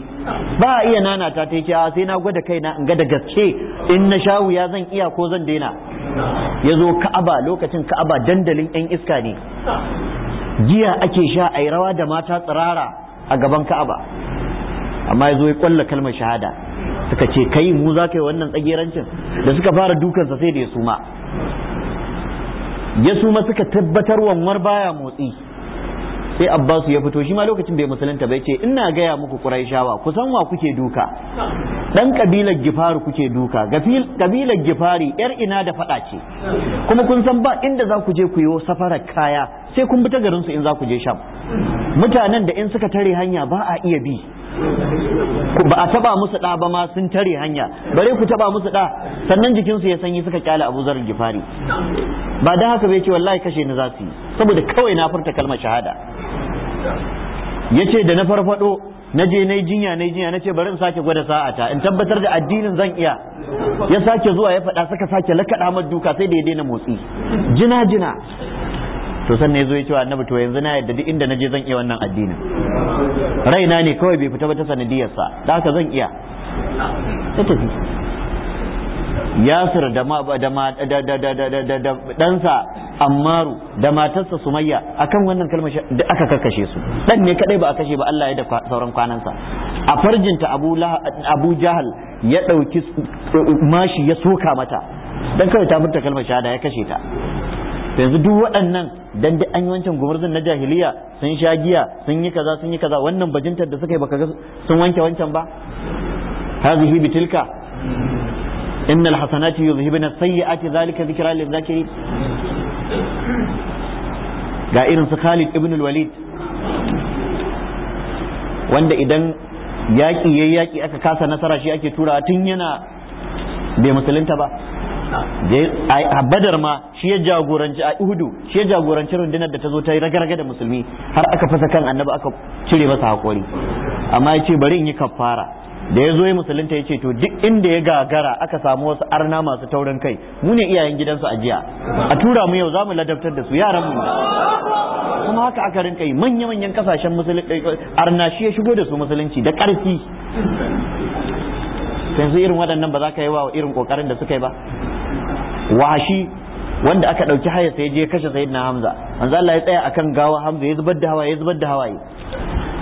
ba a iya nana ta ta kyawa sai na gwada kai na, in ga da gaske in na sha wuya zan iya ko zan daina ya zo ka'aba lokacin ka'aba dandalin 'yan iska ne giya ake sha a rawa da mata tsirara a gaban ka'aba amma ya zo ya kwalla kalmar shahada suka ce kai mu za ka yi wannan tsagerancin da suka fara dukansa sai da ya suma ya su suka tabbatar wanwar baya motsi sai abbasu ya fito shi ma lokacin bai musulunta bai ce ina gaya muku quraishawa ku san wa kuke duka ɗan kabilar gifari kuke duka ƙabilar gifari yar ina da faɗa ce kuma kun san ba inda za ku je ku yi safarar kaya sai kun bi ta garin in za ku je sham mutanen da in suka tare hanya ba a iya bi ba a taba musu da ba ma sun tare hanya bare ku taba musu da sannan jikin su ya sanyi suka kyale Abu Zarr Gifari ba da haka bai ce wallahi kashe ni za su yi saboda kawai na furta kalmar shahada yace da na farfado naje je jinya na jinya na bari in sake gwada sa'a ta in tabbatar da addinin zan iya ya sake zuwa ya faɗa suka sake lakaɗa mar duka sai da ya daina motsi jina jina to san ya zo ya annabi to yanzu na yadda duk inda naje zan iya wannan addinin raina ne kawai bai fita ba ta sanadiyarsa da haka zan iya ta tafi yasir da sa ammaru da matarsa sumayya akan wannan kalmar da aka karkashe su dan ne kadai ba a kashe ba Allah ya da sauran kwanansa a farjinta abu jahal ya dauki mashi ya soka mata dan kawai ta furta kalmar shahada ya kashe ta yanzu duk waɗannan dan da an yi wancan gumurzun na jahiliya sun sha giya sun yi kaza sun yi kaza wannan bajintar da suka yi baka sun wanke wancan ba hazihi bitilka innal hasanati yuzhibuna sayyi'ati zalika zikra lil zakiri ga irin su Khalid ibn al-Walid wanda idan yaƙi yayi yaki aka kasa nasara shi ake turawa tun yana bai musulunta ba a badar ma shi ya jagoranci a uhudu shi ya jagoranci rundunar da ta zo ta yi ragarga da musulmi har aka fasa kan annabi aka cire masa hakori amma ya ce bari in yi kafara da ya zo ya musulunta ya ce to duk inda ya gagara aka samu wasu arna masu taurin kai mu ne iyayen gidansu a jiya a tura mu yau za mu ladabtar da su yaran mu kuma haka aka rinka yi manya-manyan kasashen eh, arna shi ya shigo da su musulunci da ƙarfi yanzu irin waɗannan ba za ka yi wa irin ƙoƙarin da suka yi ba washi wanda aka ɗauki haya sai je kashe sayyidina hamza manzo Allah ya tsaya akan gawa hamza ya zubar da hawaye ya zubar da hawaye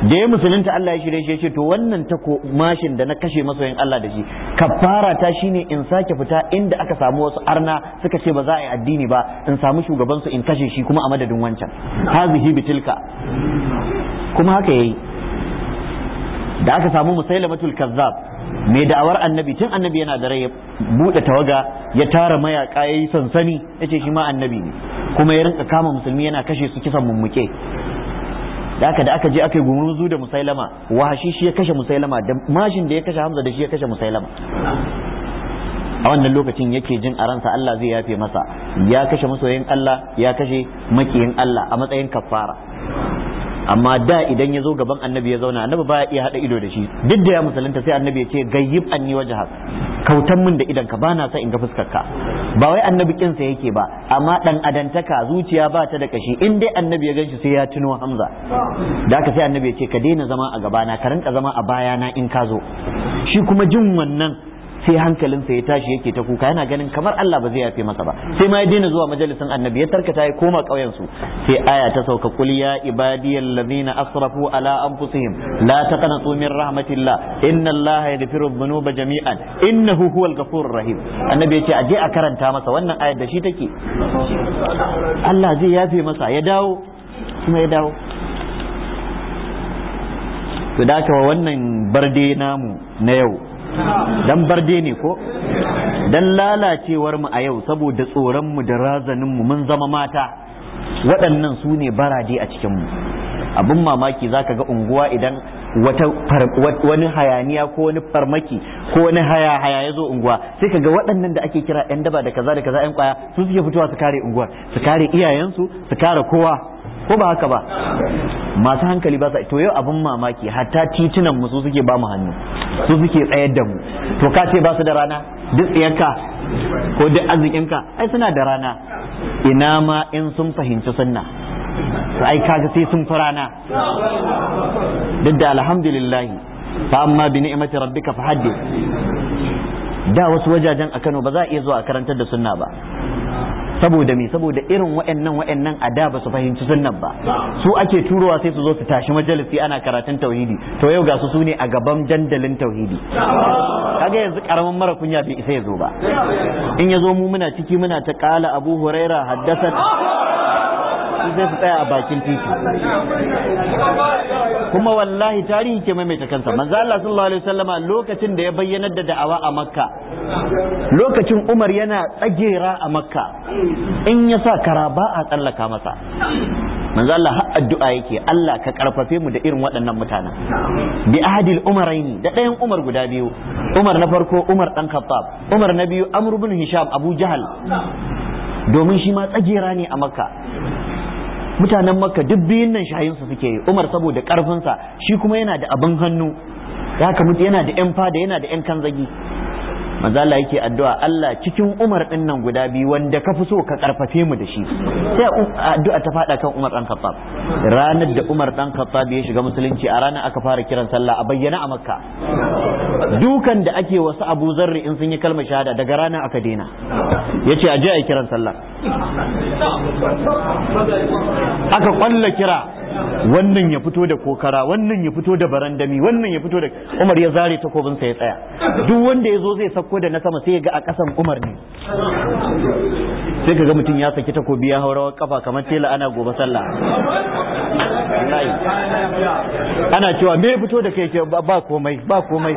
da ya musulunta Allah ya shirye shi ya ce to wannan ta mashin da na kashe masoyin Allah da shi kafara ta shine in sake fita inda aka samu wasu arna suka ce ba za a yi addini ba in samu shugaban su in kashe shi kuma a madadin wancan hazihi bitilka kuma haka yayi da aka samu musailamatul kazzab mai da'awar annabi tun annabi yana da rai ya bude tawaga ya tara mayaka ya yi sansani ya ce shi ma annabi ne kuma ya rinka kama musulmi yana kashe su kisan mummuke da aka da aka je aka yi gumurzu da musailama wahashi shi ya kashe musailama da mashin da ya kashe hamza da shi ya kashe musailama a wannan lokacin yake jin a ransa Allah zai yafe masa ya kashe masoyin Allah ya kashe makiyin Allah a matsayin kafara amma da idan ya zo gaban annabi ya zauna annabi baya iya hada ido da shi duk da ya musulunta sai annabi ya ce gayyib anni wajhak kautan min da idan ka bana sa in ga fuskar ka ba wai annabi kin sa yake ba amma dan adantaka zuciya ba ta da kashi in dai annabi ya ganshi sai ya tuno hamza da aka sai annabi ya ce ka daina zama a gabana ka rinka zama a baya na in ka zo shi kuma jin wannan sai hankalinsa ya tashi yake ta kuka yana ganin kamar Allah ba zai yafe masa ba sai ma ya daina zuwa majalisin annabi ya ta ya koma ƙauyen su sai aya ta sauka kuliya ya ibadiyal ladina asrafu ala anfusihim la taqnatu min rahmatillah inna Allah yaghfiru dhunuba jami'an innahu huwal ghafurur rahim annabi yace aje a karanta masa wannan ayar da shi take Allah zai yafe masa ya dawo kuma ya dawo to da wannan barde namu na yau dan barde ne ko dan lalacewar mu a yau saboda tsoron mu da razanin mu mun zama mata waɗannan su ne barade a cikin mu abin mamaki zaka ga unguwa idan wata wani hayaniya ko wani farmaki ko wani haya haya ya zo unguwa sai kaga waɗannan da ake kira yan daba da kaza da kaza yan kwaya su suke fitowa su kare unguwa su kare iyayensu su kare kowa ko ba haka ba masu hankali ba to yau abin mamaki hatta titunan mu su suke ba mu hannu su suke tsayar da mu to ka ce ba su da rana duk tsayarka ko duk arzikinka ai suna da rana ina ma in sun fahimci sunna to ai kaga sai sun fi rana duk da alhamdulillah fa amma bi ni'mati rabbika fa haddith da wasu wajajen a Kano ba za a iya zuwa karantar da sunna ba saboda me saboda irin wa'annan wa'annan a da ba su fahimci sunnan ba su ake turowa sai su zo su tashi majalisi ana karatun tauhidi to yau ga su su ne a gaban dandalin tauhidi kaga yanzu karamin mara kunya bai isa ya zo ba in ya zo mu muna ciki muna ta kala abu huraira haddasa sai su tsaya a bakin titi kuma wallahi tarihi ke maimaita kansa manzo Allah sallallahu alaihi wasallama lokacin da ya bayyana da da'awa a makka lokacin Umar yana tsagera a makka in ya sa kara ba a tsallaka masa manzo Allah har addu'a yake Allah ka karfafe mu da irin waɗannan mutanen bi ahadil umarain da ɗayan Umar guda biyu Umar na farko Umar dan Khattab Umar na biyu Amr ibn Hisham Abu Jahal domin shi ma tsagera ne a Makka mutanen makka duk biyun nan shayinsa suke umar saboda karfinsa shi kuma yana da abin hannu haka mutu yana da yan fada yana da yan kanzagi manzo Allah yake addu'a Allah cikin Umar din nan guda biyu wanda ka fi so ka karfafe mu da shi sai um, addu'a ta fada kan Umar dan Khattab ranar da Umar dan Khattab ya shiga musulunci a ranar aka fara kiran sallah a bayyana a Makka dukan da ake wasu Abu Zarri in sun yi kalma shahada daga ranar aka daina yace a je kiran sallah aka kwalla kira wannan ya fito da kokara wannan ya fito da barandami wannan ya fito da umar ya zare takobinsa ya tsaya duk wanda ya zo zai sako da na sama sai ya ga a kasan umar ne sai ka ga mutum ya saki takobi ya haura kafa kamar tela ana gobe sallah ana cewa me ya fito da kai ba komai ba komai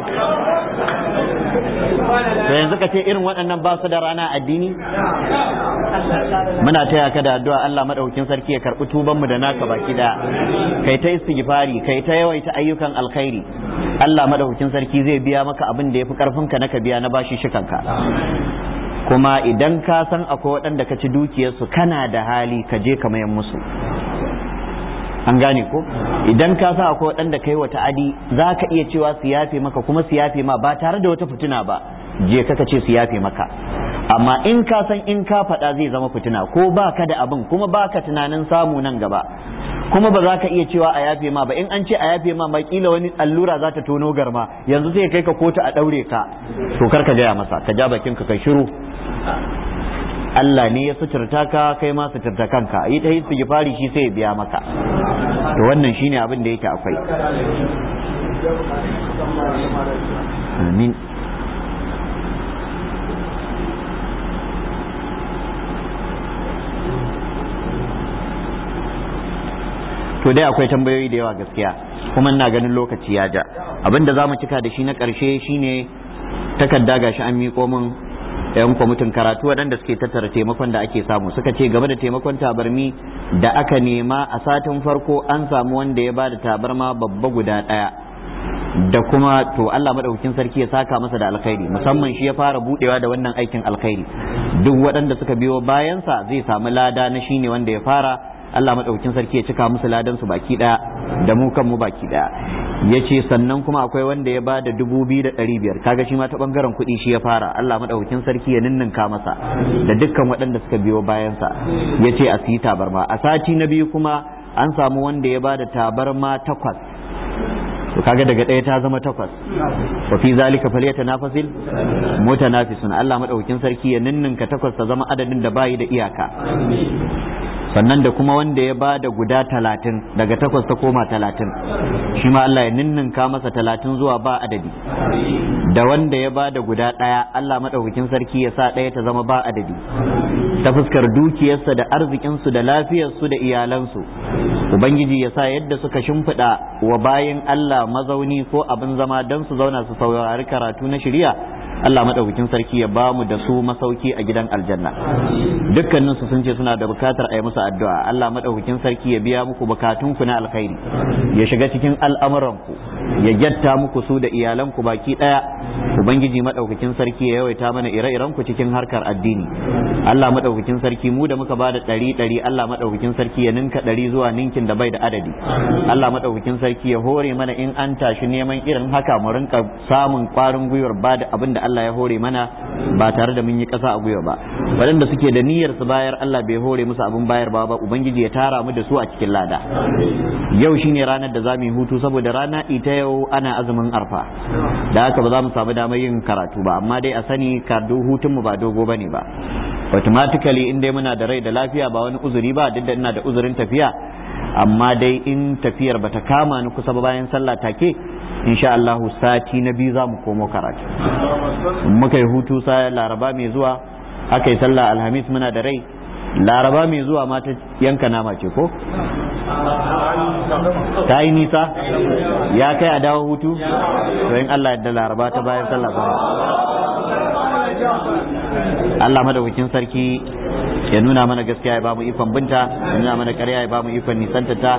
to yanzu ka ce irin waɗannan ba su da rana addini muna taya ka da addu'a Allah madaukakin sarki ya karbi tuban mu da naka baki da kai ta istighfari kai ta yawaita ayyukan alkhairi Allah madaukakin sarki zai biya maka abin da yafi karfin ka naka biya na bashi ka. kuma idan ka san akwai waɗanda ka ci dukiyarsu kana da hali ka je ka mayan musu an gane ko idan ka sa akwai waɗanda kai wata adi za ka iya cewa su yafe maka kuma su yafe ma ba tare da wata fitina ba je ka ce su yafe maka amma in ka san in ka faɗa zai zama fitina ko ba ka da abin kuma ba ka tunanin samu nan gaba kuma ba za ka iya cewa a yafe ma ba in an ce a yafe ma ba kila wani allura za ta tono garma yanzu sai kai ka kotu a ɗaure ka to kar ka gaya masa ka ja bakin ka kai shiru Allah ne ya suturta ka kai ma suturta kanka yi ta hisu gifari shi sai biya maka to wannan shine abin da yake akwai amin to dai akwai tambayoyi da yawa gaskiya kuma ina ganin lokaci ya ja abinda za mu cika da shi na ƙarshe shine takarda gashi an miƙo min yan kwamitin karatu waɗanda suke tattara taimakon da ake samu suka ce game da taimakon tabarmi da aka nema a satin farko an samu wanda ya ba da tabarma babba guda ɗaya da kuma to Allah madaukakin sarki ya saka masa da alkhairi musamman shi ya fara budewa da wannan aikin alkhairi duk waɗanda suka biyo bayansa zai samu lada na shine wanda ya fara Allah madaukakin sarki ya cika musu ladan su baki daya da mu kanmu baki daya yace sannan kuma akwai wanda ya bada dubu biyu da ɗari biyar kaga shi ma ta bangaren kuɗi shi ya fara Allah madaukakin sarki ya ninninka masa da dukkan waɗanda suka biyo bayansa yace a siyi tabarma a sati na biyu kuma an samu wanda ya bada tabarma takwas kaga daga ɗaya ta zama takwas wa fi zalika falyatanafasil mutanafisun Allah madaukakin sarki ya ninninka takwas ta zama adadin da bayi da iyaka sannan da kuma wanda ya ba da guda talatin daga takwas ta koma talatin shi ma Allah ya ninninka masa talatin zuwa ba adadi da wanda ya ba da guda ɗaya Allah maɗaukakin sarki ya sa ɗaya ta zama ba adadi ta fuskar dukiyarsa da arzikinsu da lafiyarsu da iyalansu ubangiji ya sa yadda suka shimfiɗa wa bayan Allah mazauni ko abin zama don su zauna su saurari karatu na shirya Allah madaukakin sarki ya ba mu da su masauki a gidan aljanna dukkanin su sun ce suna da bukatar a yi musu addu'a Allah madaukakin sarki ya biya muku bukatun ku na alkhairi ya shiga cikin al'amuran ku ya jatta muku su da iyalan ku baki daya ubangiji madaukakin sarki ya yawaita mana ire-iren ku cikin harkar addini Allah madaukakin sarki mu da muka ba da ɗari ɗari Allah madaukakin sarki ya ninka ɗari zuwa ninkin da bai da adadi Allah madaukakin sarki ya hore mana in an tashi neman irin haka mu rinka samun kwarin gwiwar ba da abin da Allah ya hore mana ba tare da mun yi ƙasa a gwiwa ba waɗanda suke da niyyar su bayar Allah bai hore musu abin bayar ba ubangiji ya tara mu da su a cikin lada yau shine ranar da zamu yi hutu saboda rana ita yau ana azumin arfa da haka ba za mu samu damar yin karatu ba amma dai a sani kardu hutun mu ba dogo bane ba automatically in dai muna da rai da lafiya ba wani uzuri ba duk da ina da uzurin tafiya amma dai in tafiyar bata kama ni kusa ba bayan sallah take insha Allah sati na biyu za mu komo karatu muka yi hutu sa laraba mai zuwa aka yi sallah alhamis muna da rai laraba mai zuwa ma ta yanka nama ce ko ta yi nisa ya kai a dawo hutu to in Allah da laraba ta bayan sallah Allah madawakin sarki ya nuna mana gaskiya ya bamu ikon binta ya nuna mana karya ya bamu ikon nisanta ta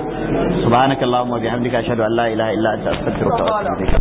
subhanakallahumma bihamdika ashhadu an la ilaha illa anta astaghfiruka wa atubu